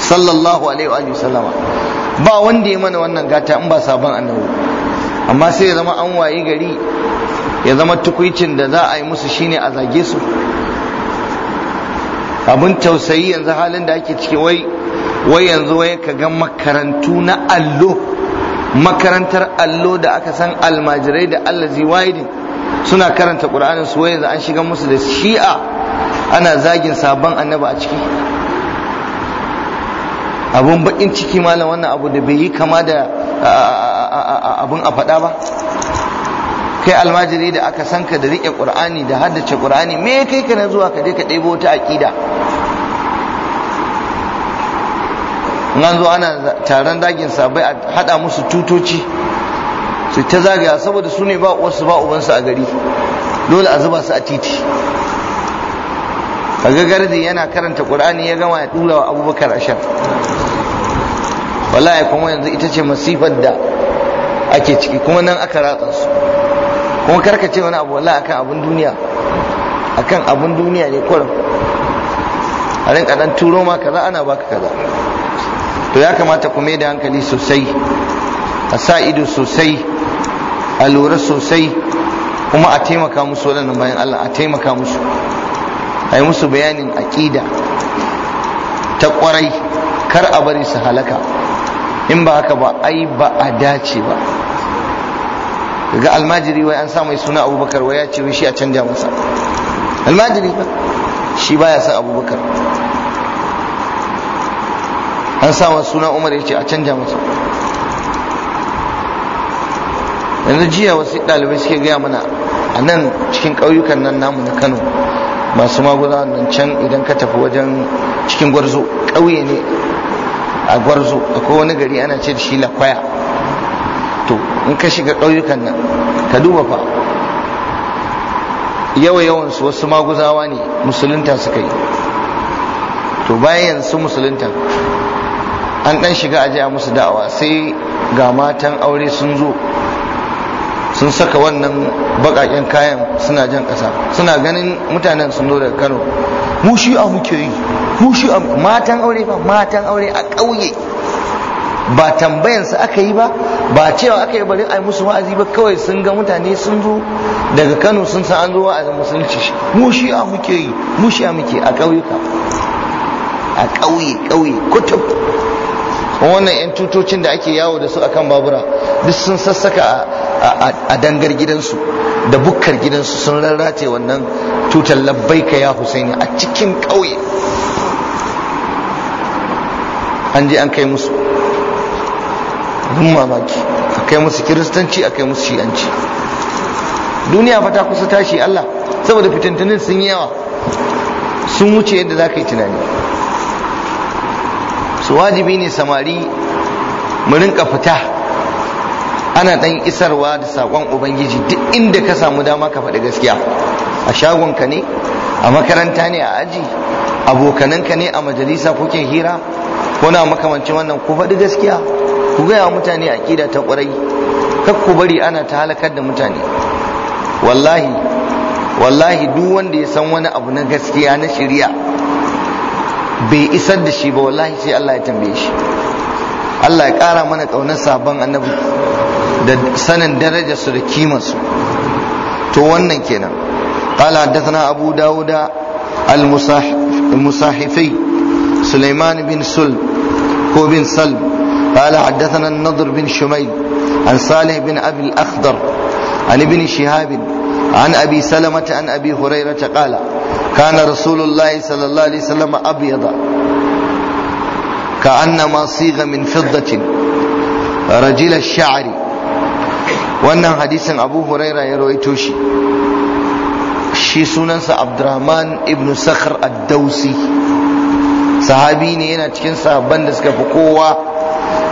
sallallahu alaihi wa sallama ba wanda ya mana wannan gata in ba sabon annabi amma sai ya zama an waye gari ya zama tukuicin da za a yi musu shine a zage su abin tausayi yanzu halin da ake ciki wai wai yanzu wai ka ga makarantu na allo makarantar allo da aka san almajirai da allazi waidin suna karanta qur'anin su wai yanzu an shiga musu da shi'a ana zagin sabon annabi a ciki abun bakin ciki malam wannan abu da bai yi kama da abun a faɗa ba kai almajiri da aka san ka da riƙe ƙur'ani da haddace ƙur'ani me kai ka na zuwa ka je ka ɗebo ta aƙida nan zo ana taron dagin sabai a haɗa musu tutoci su ta zagaya saboda su ne ba uwarsu ba ubansu a gari dole a zuba su a titi kaga gardi yana karanta qur'ani ya gama ya dura wa abubakar ashar wallahi kuma yanzu ita ce masifar da ake ciki kuma nan aka ratsa su kuma karka ce wani abu wallahi akan abun duniya akan abun duniya ne kurum a rinka dan turo ma kaza ana baka kaza to ya kamata ku mai da hankali sosai a sa ido sosai a lura sosai kuma a taimaka musu wadannan bayan Allah a taimaka musu a yi musu bayanin aƙida ta ƙwarai kar a bari su halaka in ba haka ba ai ba a dace ba ga almajiri wai an sa mai suna abubakar wai ya ce shi a canja masa almajiri ba shi baya san abubakar an sa mai suna umar ya ce a canja masa yanzu jiya wasu ɗalibai suke gaya mana a nan cikin ƙauyukan nan namu na kano masu maguna nan can idan ka tafi wajen cikin gwarzo ƙauye ne a gwarzo akwai wani gari ana ce da shi lakwaya to in ka shiga ƙauyukan nan ka duba fa yawa yawansu wasu maguzawa ne musulunta suka yi to bayan su musulunta an ɗan shiga aje a musu da'awa sai ga matan aure sun zo sun saka wannan bakaken kayan suna jan kasa suna ganin mutanen sun zo daga kano mu shi a muke yi mu shi a matan aure ba matan aure a ƙauye ba tambayan su aka yi ba ba cewa aka yi bari ai musu wa'azi ba kawai sun ga mutane sun zo daga Kano sun san an zo wa'azin musulunci shi. mu shi a muke yi mu shi a muke a ƙauyuka a ƙauye ƙauye kutub wannan yan tutocin da ake yawo da su akan babura duk sun sassaka a dangar gidansu da bukkar gidansu sun rarrace wannan tutar labbaika ya husaini a cikin ƙauye an je an kai musu abin mamaki a kai musu kiristanci a kai musu shi'anci duniya fa ta kusa tashi Allah saboda fitintunin sun yi yawa sun wuce yadda za ka yi tunani su wajibi ne samari mu rinka fita ana dan isarwa da sakon ubangiji duk inda ka samu dama ka faɗi gaskiya a shagonka ne a makaranta ne a aji abokananka ne a majalisa kuke hira ko na makamancin wannan ku faɗi gaskiya ku gaya mutane aƙida ta ƙwarai kar ku bari ana ta halakar da mutane wallahi wallahi duk wanda ya san wani abu na gaskiya na shari'a bai isar da shi ba wallahi sai Allah ya tambaye shi Allah ya ƙara mana ƙaunar sabon annabi da sanin darajarsu da kimarsu to wannan kenan قال حدثنا أبو داود المصاحفي سليمان بن سلم هو بن سلم قال حدثنا النضر بن شميل عن صالح بن أبي الأخضر عن ابن شهاب عن أبي سلمة عن أبي هريرة قال كان رسول الله صلى الله عليه وسلم أبيض كأنما صيغ من فضة رجل الشعر wannan hadisin abu huraira ya rawaito shi shi sunansa abdurrahman ibn sakar Addausi, sahabi ne yana cikin sahabban da suka fi kowa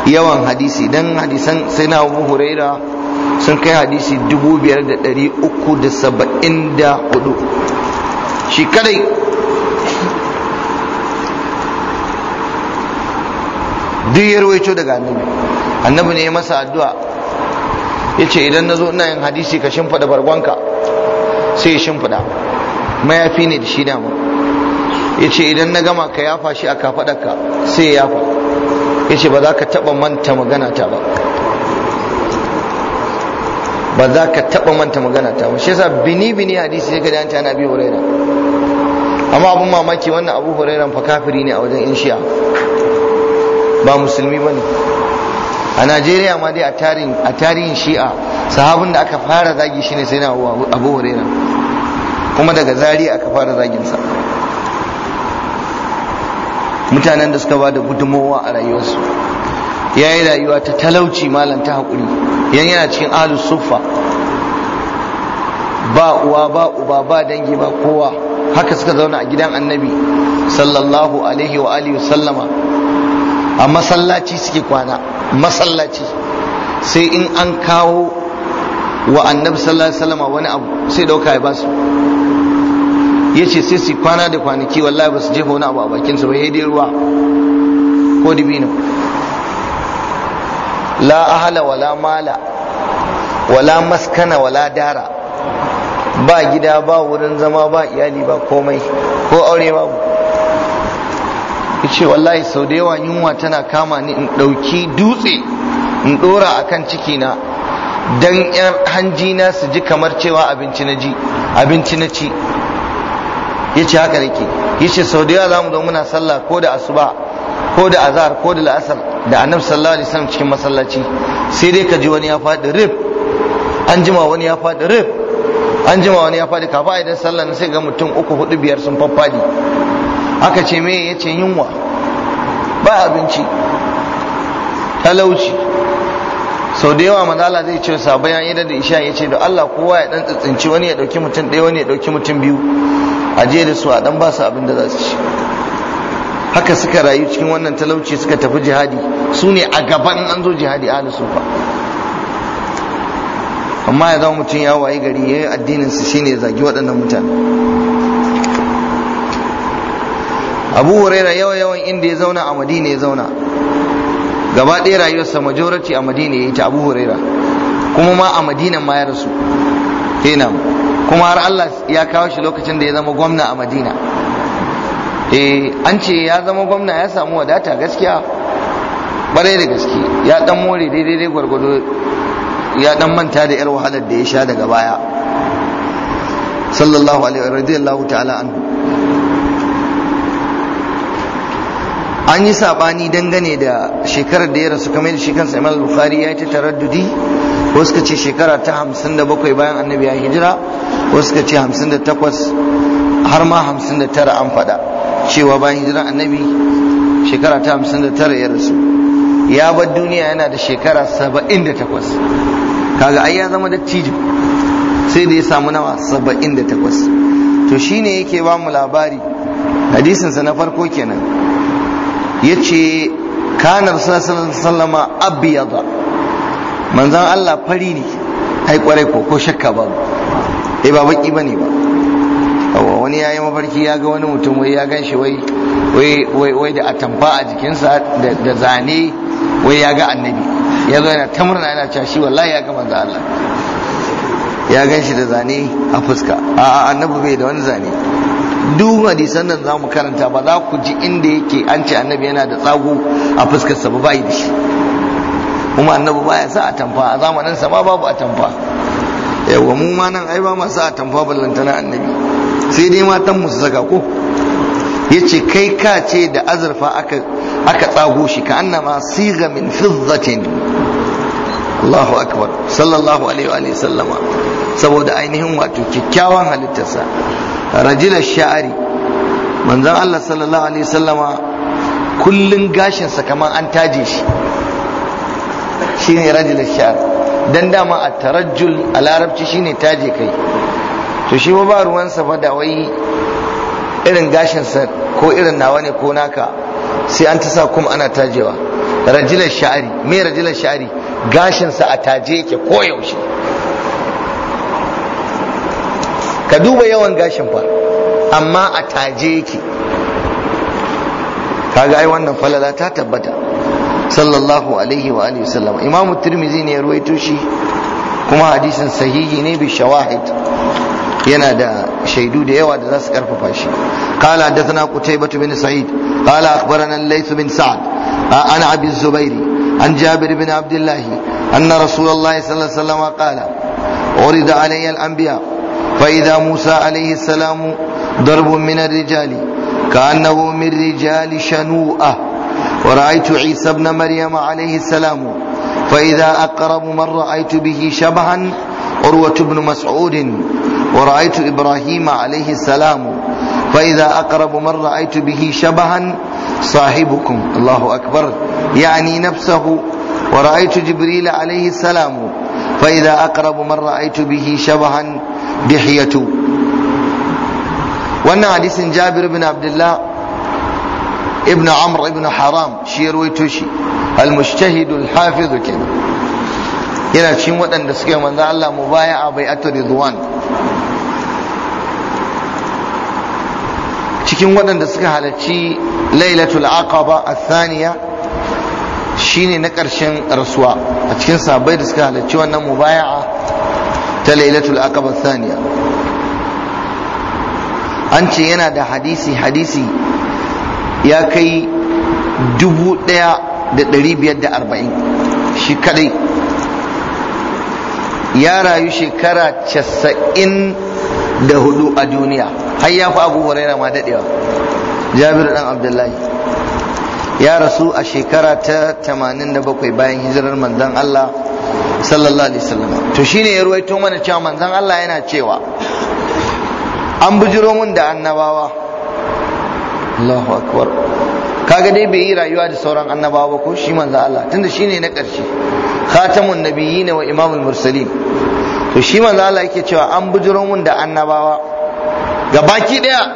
yawan hadisi dan hadisan sai na abu huraira sun kai hadisi 5374 shi kadai duk ya rawaito daga annabi annabi ne ya masa addu'a yace idan nazo ina yin hadisi ka shimfida bargonka sai ya shimfida mayafi ne da shi dama yace idan na gama ka yafa shi a kafadarka sai ya yafa yace ba za ka taba manta magana ta ba ba za ka taba manta magana ta ba shi yasa bini bini hadisi ya gada da na biyu huraira amma abun mamaki wannan abu hurairan fa kafiri ne a wajen in shi ba musulmi ba ne. a najeriya ma dai a tarihin shi'a sahabin da aka fara zagi shine sai na abu huraira kuma daga zari aka fara zaginsa mutanen da suka ba da gudunmowa a rayuwarsu ya yi rayuwa ta talauci malam ta haƙuri yan yana cikin alus sufa ba uwa ba uba ba dangi ba kowa haka suka zauna a gidan annabi sallallahu alaihi wa alihi sallama a masallaci suke kwana masallaci sai in an kawo wa annabi sallallahu alaihi wasallam wani abu sai dauka ya basu yace sai su kwana da kwanaki wallahi ba su jefa wani abu a bakin su ba dai ruwa ko dibino la ahala wala mala wala maskana wala dara ba gida ba wurin zama ba iyali ba komai ko aure babu ce wallahi sau da yawa yunwa tana kama ni in ɗauki dutse in ɗora a kan cikina don yan hanji na su ji kamar cewa abinci na ji abinci na ci ya ce haka nake ya ce sau da yawa za mu zo muna sallah ko da asuba ko da azhar ko da la'asar da annabi sallallahu alaihi wasallam cikin masallaci sai dai ka ji wani ya faɗi rib an jima wani ya faɗi rib an jima wani ya faɗi kafa idan sallah sai ga mutum uku hudu biyar sun faffadi aka ce me ya ce yunwa ba abinci talauci sau da yawa manzala zai ce bayan ya da isha ya ce da Allah kowa ya dan tsitsinci wani ya dauki mutum ɗaya wani ya dauki mutum biyu a je da su a dan ba su abin da za su ci haka suka rayu cikin wannan talauci suka tafi jihadi su ne a gaban an zo jihadi ahli sufa amma ya zama mutum ya wayi gari ya yi addinin su shine zagi waɗannan mutane abu huraira yawa yawan inda ya zauna a madina ya zauna gaba ɗaya rayuwarsa majority a madina ya yi ta abu huraira kuma ma a madina ma ya rasu kenan eh, kuma har allah ya kawo shi lokacin da ya zama gwamna a madina eh an ce ya zama gwamna ya samu wadata gaskiya barai da gaske ya dan more daidai gwargwado ya dan manta da yar wahalar da ya sha daga baya sallallahu alaihi wa radiyallahu ta'ala anhu an yi sabani dangane da shekarar da ya rasu kamar da shi kansa imam bukhari ya yi ta taraddudi wasu suka ce shekara ta hamsin da bakwai bayan annabi ya hijira wasu suka ce hamsin da takwas har ma hamsin da tara an faɗa cewa bayan hijira annabi shekara ta hamsin da tara ya rasu ya bar duniya yana da shekara saba'in da takwas kaga ai ya zama dattijo sai da ya samu nawa saba'in da takwas to shine yake ba mu labari hadisinsa na farko kenan yace kana rasulullahi sallama abyada manzon Allah fari ne ai kwarai ko ko shakka ba. eh ba baki bane ba awa wani yayi mafarki ya ga wani mutum wai ya ganshi wai wai wai da atamfa a jikinsa da zane wai ya ga annabi ya zo yana ta murna yana cewa shi wallahi ya ga manzo Allah ya ganshi da zane a fuska a'a annabi bai da wani zane duk hadisan nan za mu karanta ba za ku ji inda yake an ce annabi yana da tsago a fuskarsa ba bai da shi kuma annabi baya sa a tamfa a zamanin sa ma babu a tamfa yawa mu ma nan ai ba ma sa a tamfa ballantana annabi sai dai matan mu su saka ko yace kai ka ce da azurfa aka aka tsago shi ka annama siga min fiddatin Allahu akbar sallallahu alaihi wa sallama saboda ainihin wato kyakkyawan halittarsa rajila sha'ari manzon Allah sallallahu alaihi wasallama kullun gashin sa kaman an taje shi shine rajila sha'ari dan dama a tarajjul a larabci shine taje kai to shi ba ruwan sa da wai irin gashin sa ko irin nawa ne ko naka sai an ta sa kuma ana tajewa rajilar sha'ari me rajilar sha'ari gashin sa a taje yake koyaushe ka duba yawan gashin fa amma a taje yake kaga ai wannan falala ta tabbata sallallahu alaihi wa alihi wasallam imamu tirmizi ne ya ruwaito shi kuma hadisin sahihi ne bi shawahid yana da shaidu da yawa da za su karfafa shi qala kutai qutaybah bin sa'id qala akhbarana al bin sa'ad. ana abi az an jabir bin na anna rasulullah sallallahu alaihi wasallam qala urida alayya al-anbiya' فإذا موسى عليه السلام ضرب من الرجال كأنه من رجال شنوءة ورأيت عيسى ابن مريم عليه السلام فإذا أقرب من رأيت به شبها عروة بن مسعود ورأيت إبراهيم عليه السلام فإذا أقرب من رأيت به شبها صاحبكم الله أكبر يعني نفسه ورأيت جبريل عليه السلام فإذا أقرب من رأيت به شبها dihiyatu wannan hadisin jabir ibn abdullah ibn amr ibn haram shi ya ruwaito shi al-mujtahid al-hafiz kenan yana cikin waɗanda suke manzo Allah mu baya a bai ridwan cikin waɗanda suka halarci lailatul aqaba athaniya shine na ƙarshen rasuwa a cikin sabai da suka halarci wannan mubaya'a ta lailatul aqaba thaniya an ce yana da hadisi hadisi ya kai dubu ɗaya da ɗari biyar da arba'in shi kadai ya rayu shekara casa'in da hudu a duniya har ya fi abu raina ma daɗewa jabir dan abdullahi ya rasu a shekara ta 87 bayan hijirar manzon allah sallallahu alaihi wasallam to shine ya ruwaito mana cewa manzon Allah yana cewa an bujiro mun da annabawa Allahu akbar kaga dai bai yi rayuwa da sauran annabawa ba ko shi manzon Allah tunda shine na ƙarshe khatamun nabiyyin wa imamul mursalin to shi manzon Allah yake cewa an bujiro mun da annabawa gabaki daya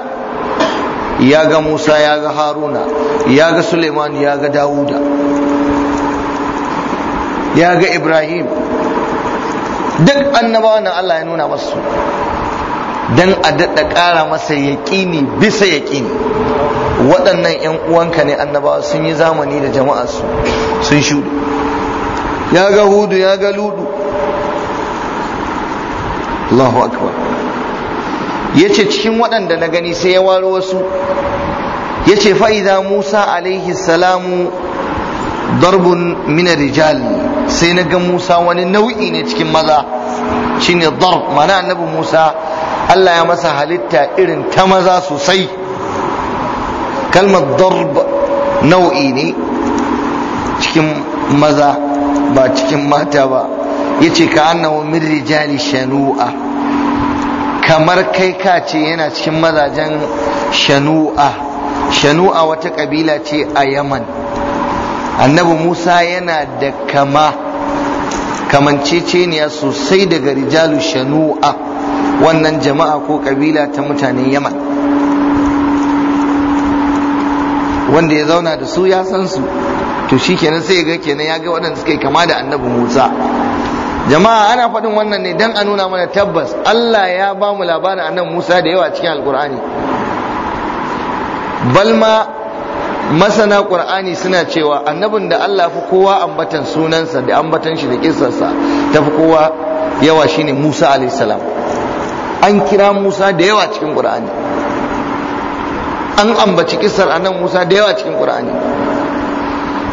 ya ga Musa ya ga Haruna ya ga Suleiman ya ga Dawuda ya ga ibrahim duk annabawa nan Allah ya nuna masu dan a daɗa ƙara masa yaƙini bisa yaƙini waɗannan 'yan uwanka ne annabawa sun yi zamani da jama'a su sun shudu ya ga hudu ya ga ludu Allahu akbar ya cikin waɗanda na gani sai ya waro wasu Yace ce fa'iza musa alaihi salamu darbun min rijal sai na ga Musa wani nau'i ne cikin maza shine darb mana annabi Musa Allah ya masa halitta irin ta maza sosai kalmar darb nau'i ne cikin maza ba cikin mata ba Ya ce ka annahu min rijali shanu'a kamar kai ka ce yana cikin mazajen shanu'a shanu'a wata ƙabila ce a yaman annabi musa yana da kama kamanceceniya sosai daga rijalu shanu'a wannan jama'a ko kabila ta mutanen yaman wanda ya zauna da su ya san su to shi kenan sai ga kenan ya ga waɗanda suka yi kama da annabi musa jama'a ana faɗin wannan ne don a nuna mana tabbas allah ya ba mu labarin annabi musa da yawa cikin alkur'ani balma masana qur'ani suna cewa annabin da Allah fi kowa ambatan sunansa da ambatan shi da kissarsa ta fi kowa yawa shine Musa alayhi an kira Musa da yawa cikin qur'ani an ambaci a nan Musa da yawa cikin qur'ani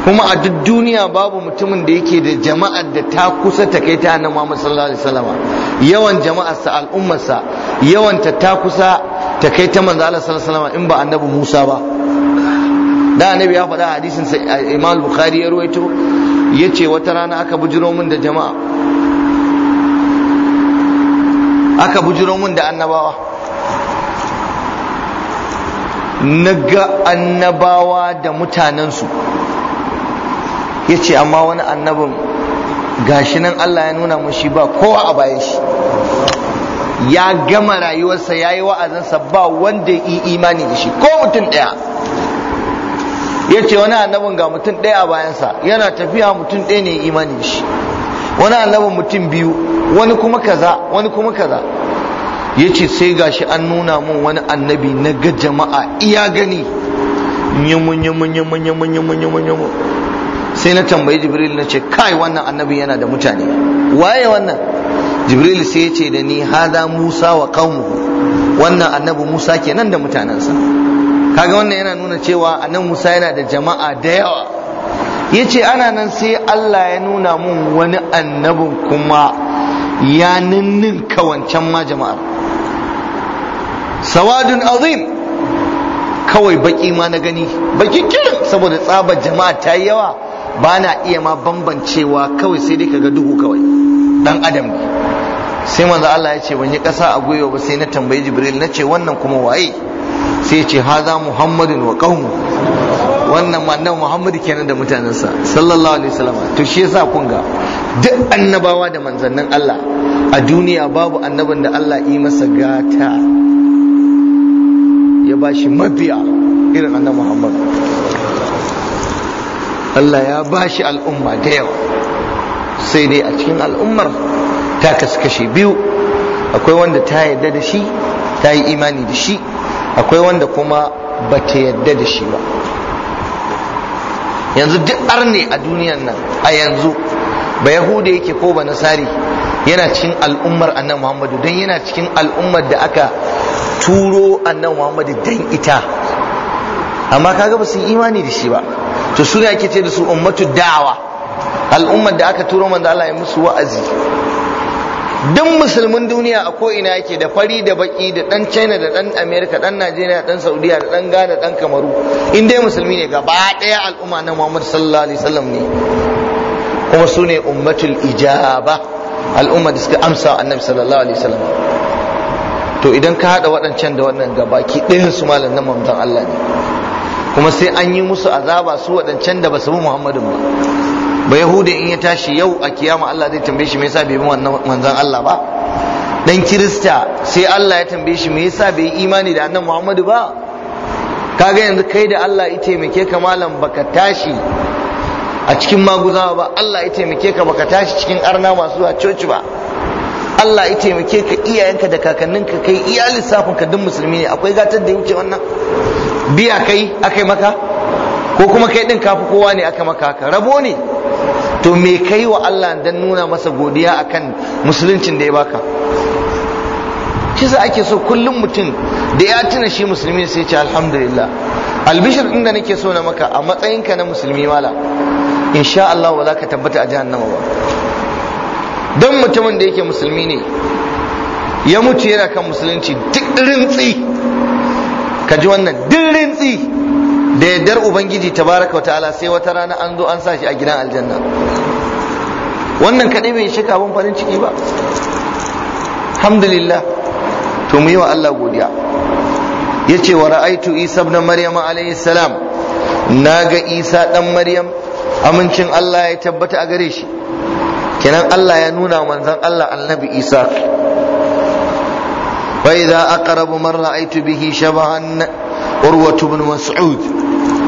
kuma a duk duniya babu mutumin da yake da jama'ar da ta kusa ta kai ta annabi Muhammad sallallahu alaihi wasallam yawan jama'arsa al'ummarsa yawan ta ta kusa ta kai ta manzo Allah sallallahu alaihi wasallam in ba annabi Musa ba da annabi ya faɗa hadisin imam bukhari ya ruwaito yace wata rana aka bujiro mun da jama'a aka bujiro mun da annabawa na ga annabawa da mutanensu ya ce amma wani annabin gashi nan allah ya nuna mun shi ba kowa a bayan shi ya gama rayuwarsa ya yi wa'azinsa ba wanda yi imani da shi ko mutum ɗaya ya ce wani annabin ga mutum ɗaya a bayansa yana tafiya mutum ɗaya ne imani shi wani annabin mutum biyu wani kuma kaza wani kuma kaza ya ce sai gashi an nuna mun wani annabi na ga jama'a iya gani sai na tambayi jibril na ce kai wannan annabi yana da mutane waye wannan jibril sai ya ce da ni hada musa wa kawo wannan annabi musa kenan da mutanensa kaga wannan yana nuna cewa anan Musa yana da jama'a da yawa yace ana nan sai Allah ya nuna mun wani annabin kuma ya ninninka wancan ma jama'ar sawadun azim kawai baki ma na gani baki kirin saboda tsaba jama'a ta yi yawa ba na iya ma bambancewa kawai sai dai ga duhu kawai dan adam sai manzo Allah ya ce ban yi ƙasa a gwiwa ba sai na tambayi Jibril na ce wannan kuma waye sai ce haza muhammadin wa kawo wannan annabi muhammad kenan da mutanensa sallallahu alaihi wasallam to shi yasa kun ga duk annabawa da manzannin Allah a duniya babu annabin da Allah yi masa gata ya bashi mabiya irin annabi muhammad Allah ya bashi al'umma da yawa sai dai a cikin al'ummar ta kasu kashe biyu akwai wanda ta yarda da shi ta yi imani da shi akwai wanda kuma ba ta yadda da shi ba yanzu duk arne a duniyan nan a yanzu ba yahuda yake ko ba nasari yana cikin al'ummar annan muhammadu don yana cikin al'ummar da aka turo annan muhammadu don ita amma kaga ba su imani da shi ba to suna yake ake ce da su ummatu da'awa al'ummar da aka turo manzo Allah ya musu wa'azi duk musulmin duniya a ko'ina yake da fari da baki da dan china da dan america dan najeriya dan saudiya da dan ghana dan kamaru in dai musulmi ne gaba daya al'umma na muhammad sallallahu alaihi wasallam ne kuma su ne ummatul ijaba al'umma da suka amsa annabi sallallahu alaihi wasallam to idan ka hada waɗancan da wannan baki ɗayan su malam na manzon Allah ne kuma sai an yi musu azaba su waɗancan da basu bi muhammadin ba ba yahuda in ya tashi yau a kiyama Allah zai tambaye shi me yasa bai bi wannan manzon Allah ba dan kirista sai Allah ya tambaye shi me yasa bai yi imani da annabi Muhammadu ba kaga yanzu kai da Allah ya taimake ka malam baka tashi a cikin maguzawa ba Allah ya taimake ka baka tashi cikin arna masu a coci ba Allah ya taimake ka iyayenka da kakanninka kai iya lissafin ka duk musulmi ne akwai gatar da wuce wannan biya kai akai maka ko kuma kai din kafi kowa ne aka maka ka rabo ne to me kai wa Allah dan nuna masa godiya akan musuluncin da ya baka shi sa ake so kullum mutum da ya tuna shi musulmi sai ce alhamdulillah albishir din da nake so na maka a matsayinka na musulmi mala insha Allah wala ka tabbata a jahannama ba dan mutumin da yake musulmi ne ya mutu yana kan musulunci duk rintsi ka ji wannan duk rintsi da yardar ubangiji tabaraka wa ta'ala sai wata rana an zo an sa shi a gidan aljanna wannan kaɗai bai shi abin farin ciki ba alhamdulillah to mu yi wa Allah godiya ya ce wa ra'aitu isa ibn maryam alayhi salam na ga isa ɗan maryam amincin Allah ya tabbata a gare shi kenan Allah ya nuna manzon Allah annabi isa fa idza aqrabu man ra'aitu bihi shabahan urwatu ibn mas'ud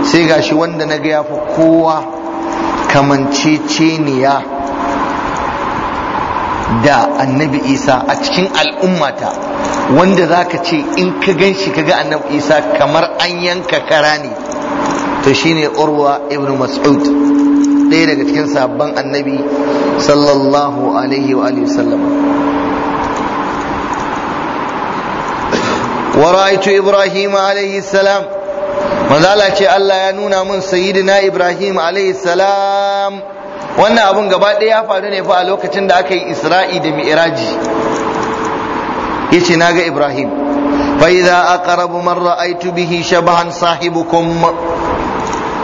sai gashi wanda na ga yafi kowa kamanceceniya da annabi isa a cikin al'ummata wanda za ka ce in ka gan shi ka ga annabi isa kamar an yanka kara ne to shine urwa ibn mas'ud ɗaya daga cikin sabon annabi sallallahu alaihi wa alihi sallama wa ra'aytu ibrahim alaihi salam Mazala ce Allah ya nuna mun sayyidina ibrahim alaihi salam wannan abun gaba ɗaya ya faru ne fa a lokacin da aka yi isra'i da Ya ce na ga ibrahim za a ƙarabu man ra'aitu bihi shabahan kuma.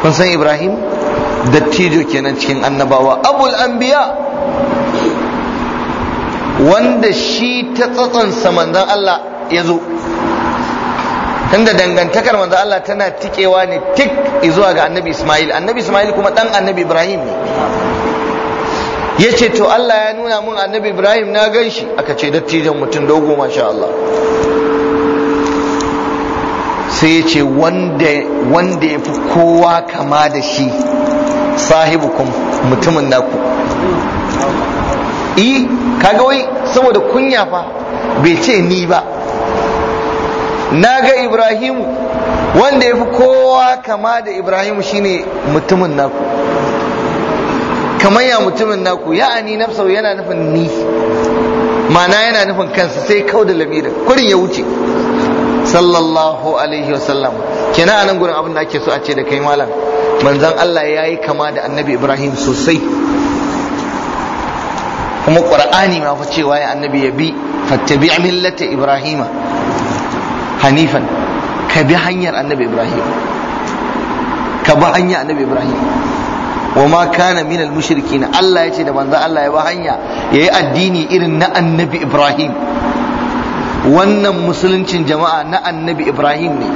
kun san ibrahim dattijo kenan cikin annabawa abul anbiya wanda shi ta tsatson manzon Allah ya zo tunda dangantakar manzon Allah tana tikewa ne tik zuwa ga annabi Ismail annabi Ismail kuma dan annabi Ibrahim ne ya ce to Allah ya nuna mun annabi Ibrahim na gan shi aka ce dattijan mutum dogo masha Allah sai ya ce wanda ya fi kowa kama da shi kun mutumin naku i kaga wai saboda kunya fa bai ce ni ba na ga Ibrahimu wanda ya fi kowa kama da Ibrahimu shine mutumin naku kamar ya mutumin naku ya'ani nafsahu yana nufin ni ma'ana yana nufin kansa sai kau da lamirin kurin ya wuce sallallahu alaihi wasallam kenan anan gurin abin da ake so a ce da kai malam manzon Allah ya yi kama da annabi Ibrahim sosai kuma qur'ani ma fa cewa ya annabi ya bi fattabi millata ibrahima hanifan ka bi hanyar annabi ibrahim ka bi hanyar annabi ibrahim wa ma kana min al mushrikin Allah ya ce da manzo Allah ya ba hanya yayi addini irin na annabi Ibrahim wannan musuluncin jama'a na annabi Ibrahim ne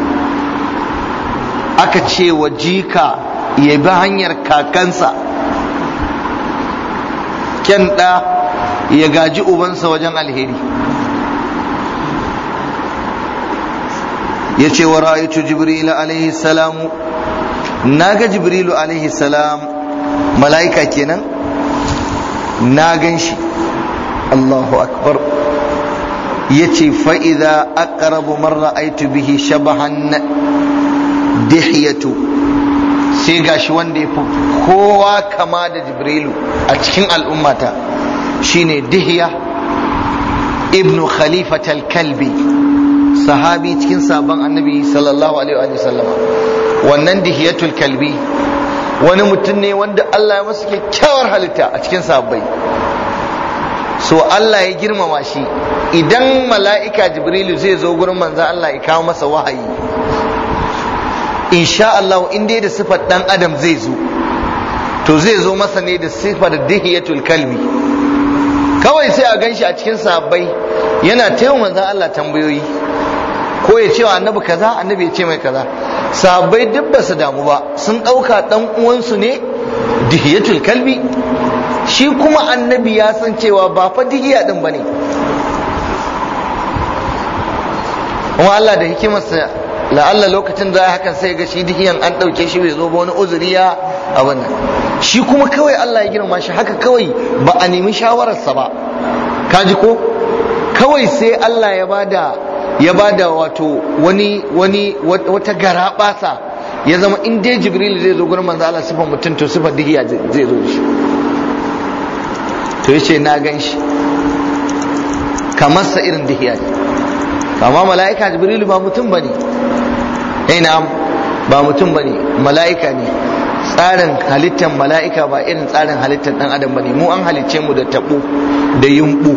aka ce wa jika ya bi hanyar kakansa kyan ɗa ya gaji ubansa wajen alheri ya ce wa ra'aytu jibril alaihi salamu na ga jibrilu alaihi salam mala'ika kenan na gan shi Allahu akbar ya ce fa'iza aqrabu marra aitu bihi shabahan dihiyatu sai gashi wanda ya fi kowa kama da jibrilu a cikin al'ummata shine dihiya ibnu khalifatal kalbi sahabi cikin sabon annabi sallallahu alaihi wa sallama wannan dihiyatul kalbi wani mutum ne wanda Allah ya masu kyakkyawar halitta a cikin sabbai so Allah ya girmama shi idan mala'ika jibrilu zai zo gurin manzan Allah ya kawo masa wahayi insha Allah in dai da sifar dan adam zai zo to zai zo masa ne da sifar dihiyatul kalbi kawai sai a gan shi a cikin sahabbai yana taimakon manzan Allah tambayoyi ko ya cewa annabi kaza annabi ya ce mai kaza sabai duk ba su damu ba sun ɗauka ɗan uwansu ne dihiyatul kalbi shi kuma annabi ya san cewa ba fa dihiya ɗin ba ne kuma Allah da hikimarsa la'alla lokacin da hakan sai ga shi dihiyan an ɗauke shi bai zo ba wani uzuriya a wannan. shi kuma kawai Allah ya girma shi haka kawai ba a nemi shawararsa ba kaji ko kawai sai Allah ya bada ya ba da wato wani wani wata gara basa ya zama in dai jibril zai zo gurin manzo Allah sifar mutum to sifar dihiya zai zo shi to yace na gan shi kamar sa irin dihiya amma mala'ika jibril ba mutum bane eh na ba mutum bane mala'ika ne tsarin halittar mala'ika ba irin tsarin halittar dan adam bane mu an halicce mu da tabo da yumbu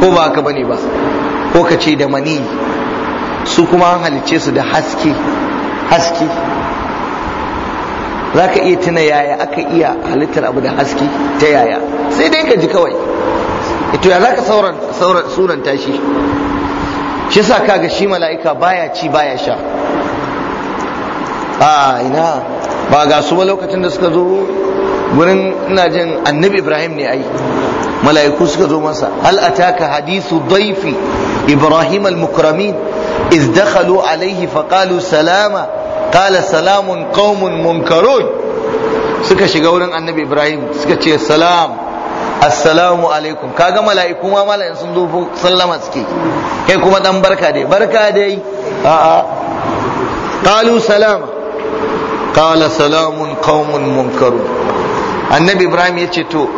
ko ba haka bane ba ko ka ce da mani su kuma an halice su da haske haske za ka iya tuna yaya aka iya halittar abu da haske ta yaya sai dai ka ji kawai ito ya za ka sauran tashi shi sa kaga shi mala'ika baya ci baya sha a ina ba ga su ba lokacin da suka zo gurin ina jin annabi ibrahim ne ai mala'iku suka zo masa hal ataka hadisu daifi ابراهيم المكرمين اذ دخلوا عليه فقالوا سلاما قال سلام قوم منكرون suka shiga wurin annabi ibrahim suka ce salam assalamu alaikum kaga mala'iku ma mala'in sun zo sallama suke kai kuma dan barka dai barka dai a'a qalu salama qala salamun qaumun munkarun annabi ibrahim ya ce to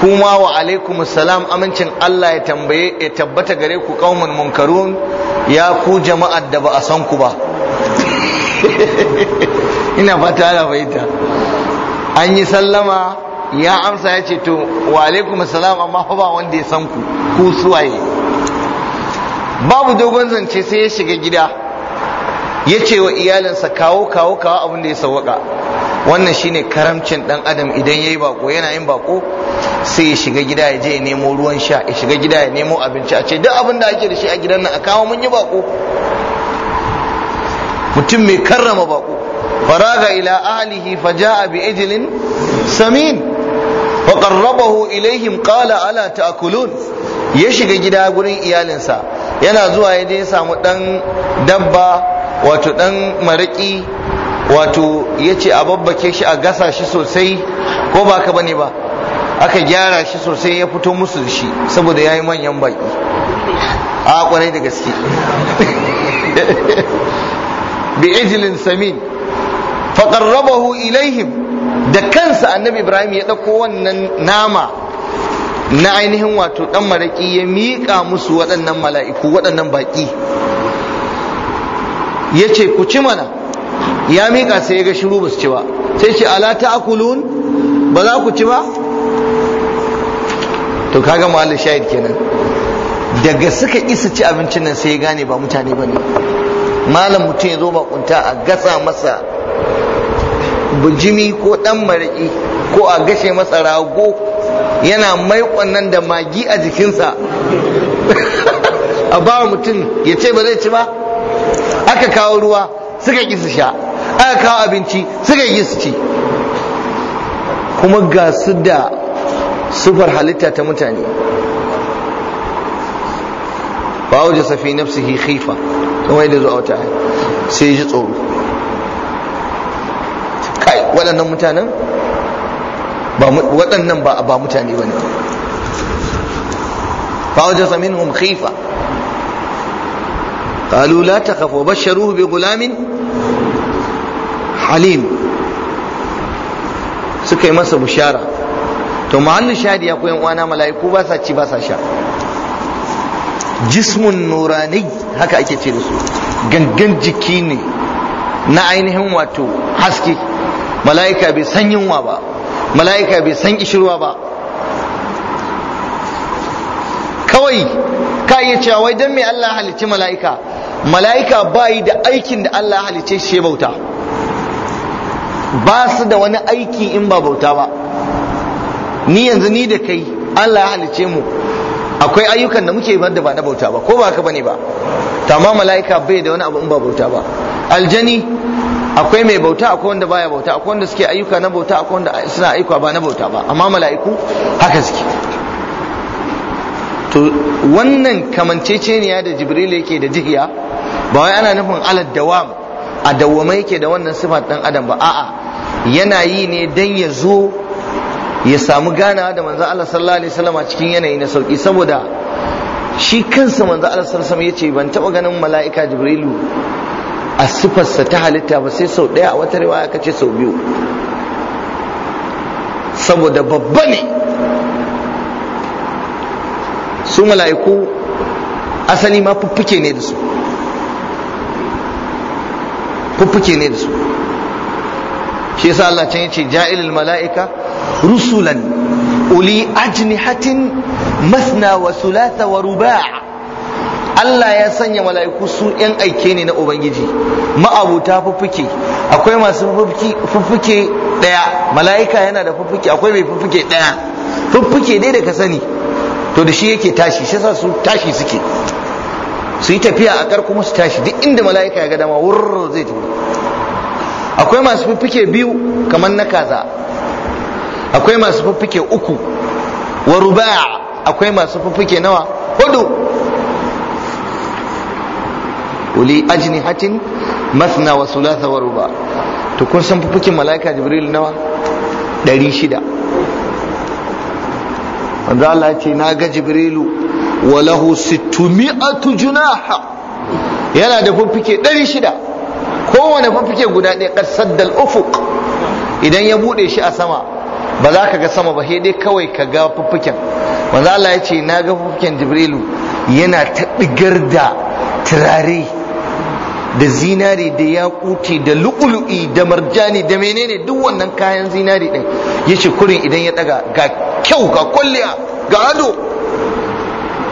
kuma wa alaikum salam amincin Allah ya tambaye ya tabbata gare ku kaumun munkarun ya ku jama'ar da ba a san ku ba ina fata da fahimta an yi sallama ya amsa ya ce to wa alaikum salam amma ba wanda ya san ku ku suwaye babu dogon zance sai ya shiga gida ya ce wa iyalinsa kawo kawo kawo abin da ya sawwaka wannan shine karamcin dan adam idan yayi bako yana yin bako sai ya shiga gida ya je ya nemo ruwan sha ya shiga gida ya nemo abinci a ce duk abin da ake da shi a gidan nan a kawo mun yi bako mutum mai karrama bako faraga ila ahlihi faja'a bi ijlin samin wa qarrabahu ilaihim qala ala ta'kulun ya shiga gida gurin iyalinsa yana zuwa ya je ya samu dan dabba wato dan maraƙi. wato ya ce a babbake shi a gasa shi sosai ko ba ka bane ba aka gyara shi sosai ya fito musu shi saboda ya yi manyan baki a kwarai da gaske bi ijilin samin faƙarrabahu ilaihim da kansa annabi ibrahim ya ɗauko wannan nama na ainihin wato ɗan maraƙi ya miƙa musu waɗannan mala'iku waɗannan baƙi ya ce ku ci mana ya mika sai ya ga shiru ba su ci ba sai ce ala akulun ba za ku ci ba to kaga mahallu shahid kenan daga suka isa ci abincin nan sai ya gane ba mutane ba ne, malam mutum ya zo makunta a gasa masa bujimi ko dan mariki ko a gashe masa rago yana mai nan da magi a jikinsa a bawa mutum ya ce ba zai ci ba aka kawo ruwa suka ƙi sha aka kawo abinci suka yi su ci kuma ga su da sufar halitta ta mutane ba waje safi nafsihi khifa kuma yadda zuwa wata sai ji tsoro kai waɗannan mutanen waɗannan ba mutane ba ne ba waje samin hum khifa قالوا لا تخف وبشروه بغلام halim suka yi masa bushara to mahallin shadi ya koyan uwana mala'iku ba sa ci ba sa sha jismun nurani haka ake ce da su gangan jiki ne na ainihin wato haske mala'ika bai san yunwa ba mala'ika bai san ishirwa ba kawai ka iya cewa wai don me Allah halicci mala'ika mala'ika ba yi da aikin da Allah halicce shi bauta ba su da wani aiki in ba bauta ba ni yanzu ni da kai Allah ya halice mu akwai ayyukan da muke bar da ba na bauta ba ko ba haka bane ba tamam mala'ika bai da wani abu in ba bauta ba aljani akwai mai bauta akwai wanda baya bauta akwai wanda suke ayyuka na bauta akwai wanda suna aikwa ba na bauta ba amma mala'iku haka suke to wannan kamanceceniya da jibril yake da jihiya ba wai ana nufin alad dawam a dawwama yake da wannan sifat dan adam ba a'a yana yi ne dan ya zo ya samu ganawa da manzo Allah sallallahu alaihi wasallam cikin yanayi na sauki saboda shi kansa manzo Allah sallallahu alaihi wasallam yace ban taba ganin mala'ika jibrilu a sifarsa ta halitta ba sai sau ɗaya a wata riwaya kace sau biyu saboda babba ne su mala'iku asali ma fuffuke ne da su fuffuke ne da su shi yasa Allah can yace ja'ilul mala'ika rusulan uli ajnihatin masna wa thulatha wa ruba' Allah ya sanya mala'iku su ‘yan aike ne na Ubangiji, ma'abuta fuffuke, akwai masu fuffuke ɗaya, mala'ika yana da fuffuke, akwai mai fuffuke ɗaya, fuffuke dai da ka sani, to da shi yake tashi, shi sa su tashi suke. su yi tafiya a kar kuma su tashi duk inda mala'ika ya ga dama wurr zai tafi akwai masu fiffike biyu kamar na kaza akwai masu fiffike uku wa ruba' akwai masu fiffike nawa hudu uli hatin masna wa thulatha wa ruba' to kun san fiffiken mala'ika jibril nawa shida wanda Allah ce na ga jibrilu wa lahu sittumi'atu junaha yana da fuffuke 600 kowane fuffuke guda ɗaya ƙarsar dal ufuq idan ya bude shi a sama ba za ka ga sama ba dai kawai ka ga fuffuken wanda Allah ya ce na ga fuffuken Jibrilu yana ta da turare da zinari da yakuti da lu'ulu'i da marjani da menene duk wannan kayan zinari Ya ce kurin idan ya ɗaga ga kyau ga kwalliya ga ado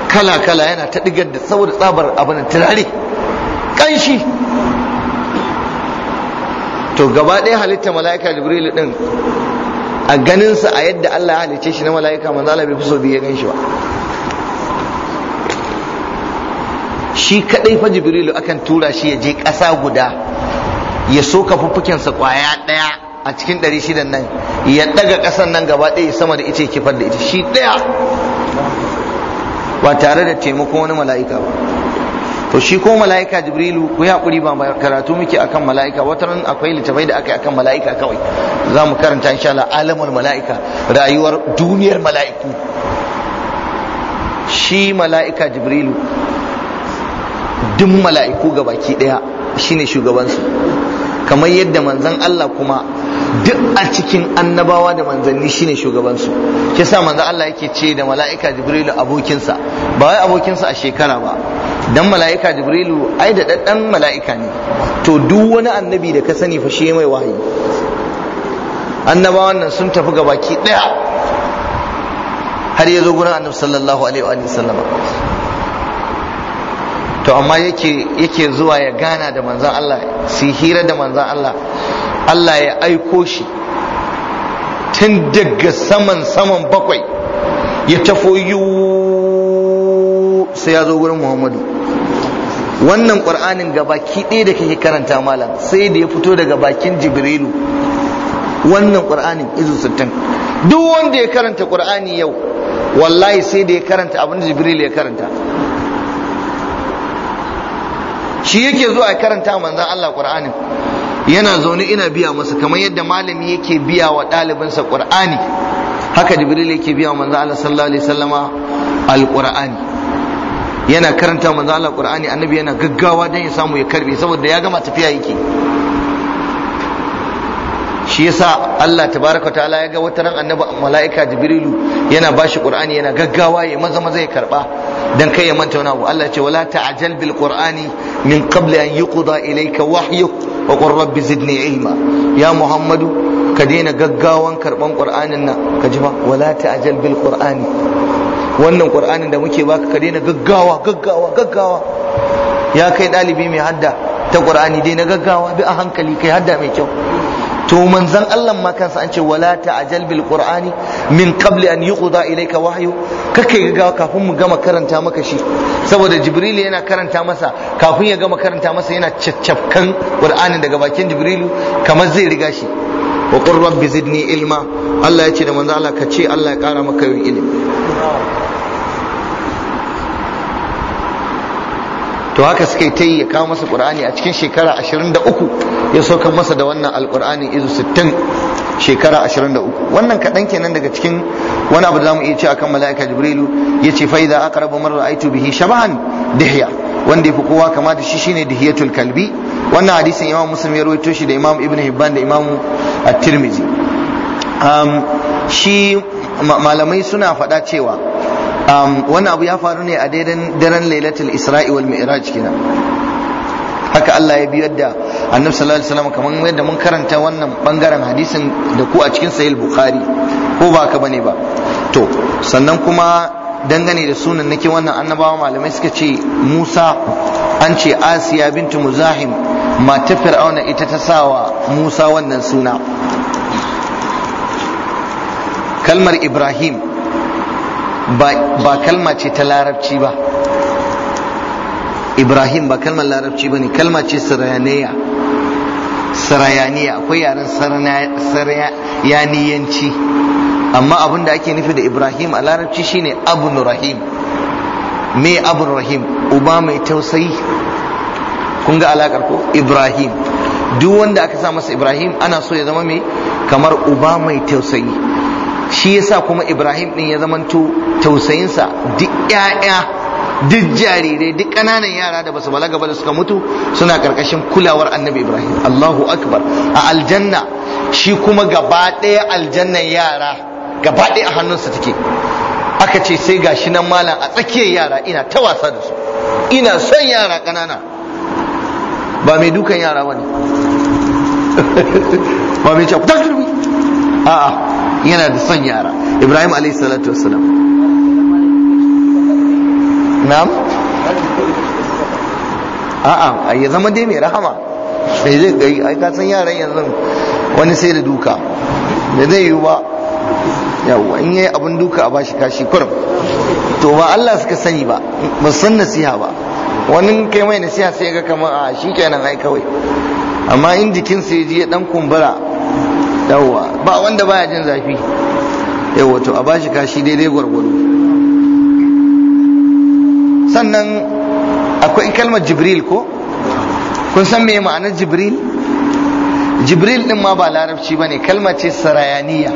kala kala yana ta digar da saboda tsabar abin turare kanshi to gaba ɗaya halitta mala'ika jibril din a ganinsa a yadda Allah ya halice shi na mala'ika manzo Allah bai fi so biye ganshi ba shi kadai fa jibrilu akan tura shi ya je ƙasa guda ya soka sa kwaya ɗaya a cikin ɗari shidan nan ya ɗaga ƙasan nan gaba ɗaya sama da ita ya kifar da ita shi ɗaya ba tare da taimako wani mala'ika ba to shi ko mala'ika jibrilu ku yi hakuri ba karatu muke akan mala'ika wata ran akwai littafai da aka akan mala'ika kawai za mu karanta insha Allah alamul mala'ika rayuwar duniyar mala'iku shi mala'ika jibrilu duk mala'iku gabaki daya shine shugabansu kamar yadda manzon Allah kuma duk a cikin annabawa da manzanni shine shugabansu ke sa manzo Allah yake ce da mala'ika jibrilu abokinsa ba wai abokinsa a shekara ba dan mala'ika jibrilu ai da daddan mala'ika ne to duk wani annabi da ka sani fa shi mai wahayi annabawan nan sun tafi gabaki daya har ya zo gurin annabi sallallahu alaihi wa sallama to amma yake yake zuwa ya gana da manzon Allah sihira hira da manzon Allah Allah ya aiko shi tun daga saman saman bakwai ya tafo yiwu sai ya zo gurin Muhammadu wannan ƙur'anin ga baki ɗaya da kake karanta malam sai da ya fito daga bakin Jibrilu wannan ƙur'anin izu sittin duk wanda ya karanta ƙwar'ani yau wallahi sai da ya karanta abin Jibrilu ya karanta shi yake zuwa ya karanta manzan Allah ƙur'anin yana zaune ina biya masa kamar yadda malami yake biya wa ɗalibinsa ƙur'ani haka jibril yake biya manzo Allah sallallahu alaihi wasallama alqur'ani yana karanta manzo Allah annabi yana gaggawa dan ya samu ya karbe saboda ya gama tafiya yake shi yasa Allah tabaraka ta'ala ya ga wata ran annabi mala'ika jibrilu yana bashi qur'ani yana gaggawa ya maza maza ya karba dan kai ya manta wani abu Allah ce wala ta'jal bil qur'ani min qabli an yuqda ilayka wahyuhu wa qur rabbi zidni ilma ya muhammadu ka daina gaggawan karban qur'anin nan ka ji wala ta'jal bil qur'ani wannan qur'anin da muke baka ka daina gaggawa gaggawa gaggawa ya kai ɗalibi mai hadda ta qur'ani daina gaggawa bi a hankali kai hadda mai kyau to manzon Allah ma kansa an ce wala ta'jal bil qur'ani min qabli an yuqda ilayka wahyu kake ga kafin mu gama karanta maka shi saboda jibril yana karanta masa kafin ya gama karanta masa yana caccafkan qur'anin daga bakin jibrilu kamar zai riga shi wa qur rabbi zidni ilma Allah ya ce da manzo Allah ka ce Allah ya kara maka ilimi to haka suka yi ta ya kawo masa qur'ani a cikin shekara 23 ya saukar masa da wannan alqur'ani izu 60 shekara 23 wannan kaɗan kenan daga cikin wani abu da zamu iya ce akan mala'ika jibrilu yace fa idza aqrabu man ra'aytu bihi shabahan dihya wanda yafi kowa kama da shi shine dihiyatul kalbi wannan hadisin imam muslim ya rawaito shi da imam ibnu hibban da imam at-tirmidhi um, shi malamai suna faɗa cewa Um, wannan abu ya faru ne a daidan daren lailatul isra'i wal mi'raj kenan haka Allah ya biyar da annabi sallallahu alaihi wasallam kaman yadda mun karanta wannan bangaren hadisin da ku a cikin sahih bukhari ko ba ka bane ba to sannan kuma dangane da sunan nake wannan annabawa malamai suka ce Musa an ce Asiya bintu Muzahim mata Fir'auna ita ta sawa Musa wannan suna kalmar Ibrahim ba kalma ce ta larabci ba ibrahim ba kalmar larabci ba ne kalma ce sarayaniya sarayaniya akwai yaren sarayaniyanci amma abin da ake nufi da ibrahim a larabci shine abun rahim me abun rahim uba mai tausayi kun ga alakar ko ibrahim duk wanda aka sa masa ibrahim ana so ya zama mai kamar uba mai tausayi shi yasa kuma ibrahim din ya zamanto tausayinsa duk ƴaƴa duk jarirai duk ƙananan yara da basu balaga ba da suka mutu suna karkashin kulawar annabi ibrahim allahu akbar a aljanna shi kuma gaba ɗaya aljannan yara gaba ɗaya a hannunsa take aka ce sai gashi nan malam a tsakiyar yara ina ta wasa da su ina son yara ƙanana ba mai dukan yara ba ba mai ce ku a'a yana da son yara ibrahim alayhi salatu wassalam na'am a'a ya zama dai mai rahama sai zai gai ai ka san yaran yanzu wani sai da duka da zai yi ba yawa in yayi abin duka a bashi kashi kurum to ba Allah suka sani ba ba san nasiha ba wani kai mai nasiha sai ga kamar a shikenan ai kawai amma in jikin sai ji ya dan kumbura yawwa ba wanda baya jin zafi yawwa to a bashi kashi daidai gwargwado sannan akwai kalmar jibril ko kun san me ma'anar jibril jibril din ma ba larabci ba ne kalma ce sarayaniya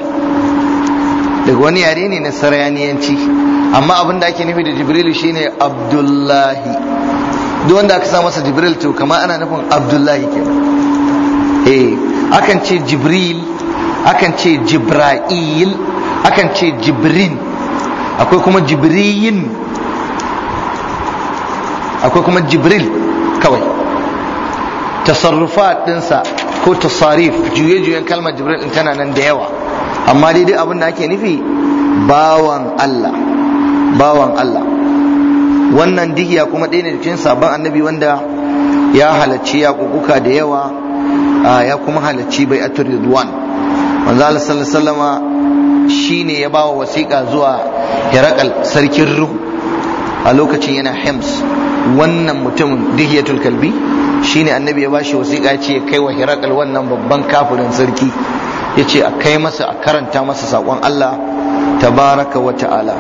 daga wani yare ne na sarayaniyanci amma abin da ake nufi da jibril shine abdullahi duk wanda aka sa masa jibril to kama ana nufin abdullahi kenan eh akan ce jibril akan ce jibra'il akan ce jibrin akwai kuma jibriyin akwai kuma jibril kawai tasarrufa ɗinsa ko tasarif juye-juyen kalmar jibril ɗin tana nan da yawa amma daidai abin da ake nufi bawan Allah bawan Allah wannan dihiya kuma ɗaya ne cikin sabon annabi wanda ya halarci ya kukuka da yawa ya kuma halarci bai atur ridwan manzo Allah sallallahu alaihi wasallama shine ya bawa wasiƙa zuwa hirakal sarkin Ruhu a lokacin yana Hims wannan mutumin Dihiyatul Kalbi shine annabi ya bashi wasiƙa ce ya kai wa Herakal wannan babban kafirin sarki yace a kai masa a karanta masa sakon Allah tabaraka wa ta'ala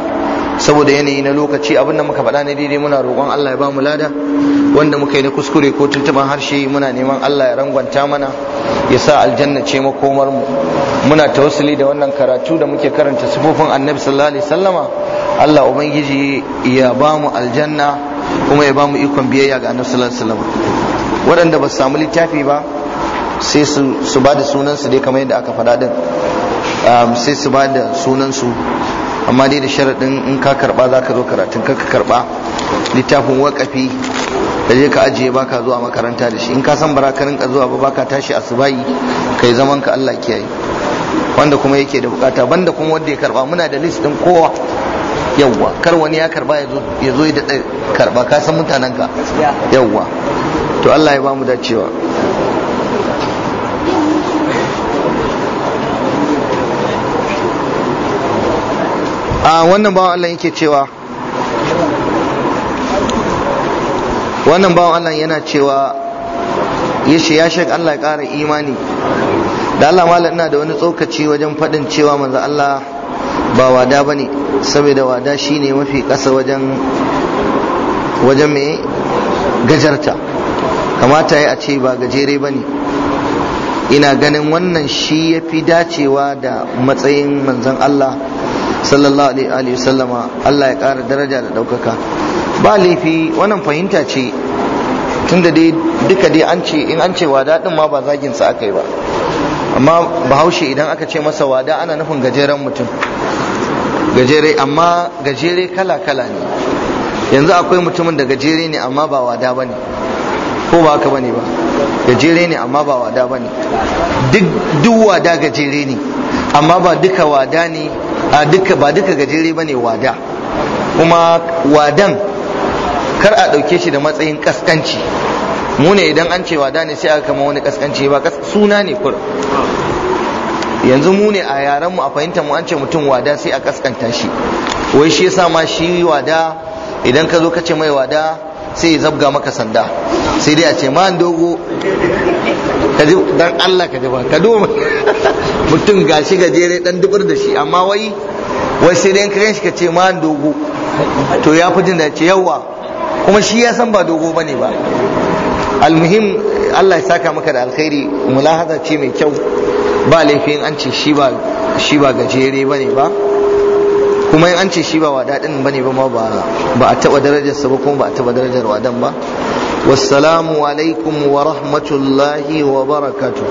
saboda yanayi na lokaci abin da muka faɗa ne daidai muna roƙon Allah ya ba mu lada wanda muka yi na kuskure ko tuntuban harshe muna neman Allah ya rangwanta mana ya sa aljanna ce makomar mu muna tawassuli da wannan karatu da muke karanta sifofin annabi sallallahu alaihi sallama. Allah ubangiji ya ba mu aljanna kuma ya ba mu ikon biyayya ga annabi sallallahu alaihi sallama waɗanda ba su samu littafi ba sai su ba da sunansu dai kamar yadda aka faɗa din um, sai su ba da sunansu amma dai da sharaɗin in ka karɓa za zo karatun ka karɓa littafin waƙafi ka je ka ajiye baka zuwa makaranta da shi in ka san baraka rinka zuwa ba baka tashi asubai kai zaman ka Allah kiyaye wanda kuma yake da bukata banda kuma wanda ya karba muna da list din kowa yawwa kar wani ya karba ya zo da karba ka san mutanen ka yawwa to Allah ya bamu dacewa a wannan bawan Allah yake cewa wannan bawan Allah yana cewa ya shi ya shek Allah ya ƙara imani da Allah malam ina da wani tsokaci wajen faɗin cewa manzo Allah ba wada ba ne saboda wada shi ne mafi ƙasa wajen mai gajarta kamata ya a ce ba gajere ba ne ina ganin wannan shi ya fi dacewa da matsayin manzon Allah sallallahu alaihi wasallama Allah ya ƙara daraja da ɗaukaka ba laifi wannan fahimta ce tun dai duka dai an ce in an ce wada din ma ba zagin sa aka yi ba amma bahaushe idan aka ce masa wada ana nufin gajeren mutum gajere amma gajere kala kala ne yanzu akwai mutumin da gajere ne amma ba wada ba ne ko ba haka ba ne ba gajere ne amma ba wada ba ne duk wada gajere ne amma ba duka wada ne a duka ba duka gajere ba ne wada kuma wadan kar a ɗauke shi da matsayin kaskanci mu ne idan an cewa da ne sai aka kama wani kaskanci ba suna ne kur yanzu mu ne a yaren mu a fahimta mu an ce mutum wada sai a kaskanta shi wai shi yasa ma shi wada idan ka zo ka ce mai wada sai ya zabga maka sanda sai dai a ce ma dogo ka ji dan Allah ka ji ba ka duba mutum gashi gajere dan dubur da shi amma wai wai sai dai ka shi ka ce ma dogo to ya fi jin da ce yawa kuma shi ya san ba dogo bane ba almuhim Allah ya saka maka da alkhairi mulahaza ce mai kyau ba laifin an ce shi ba shi ba gajere bane ba kuma in an ce shi ba wadadin bane ba ma ba ba a taba darajar sa ba kuma ba a taba darajar wadan ba wassalamu alaikum wa rahmatullahi wa barakatu.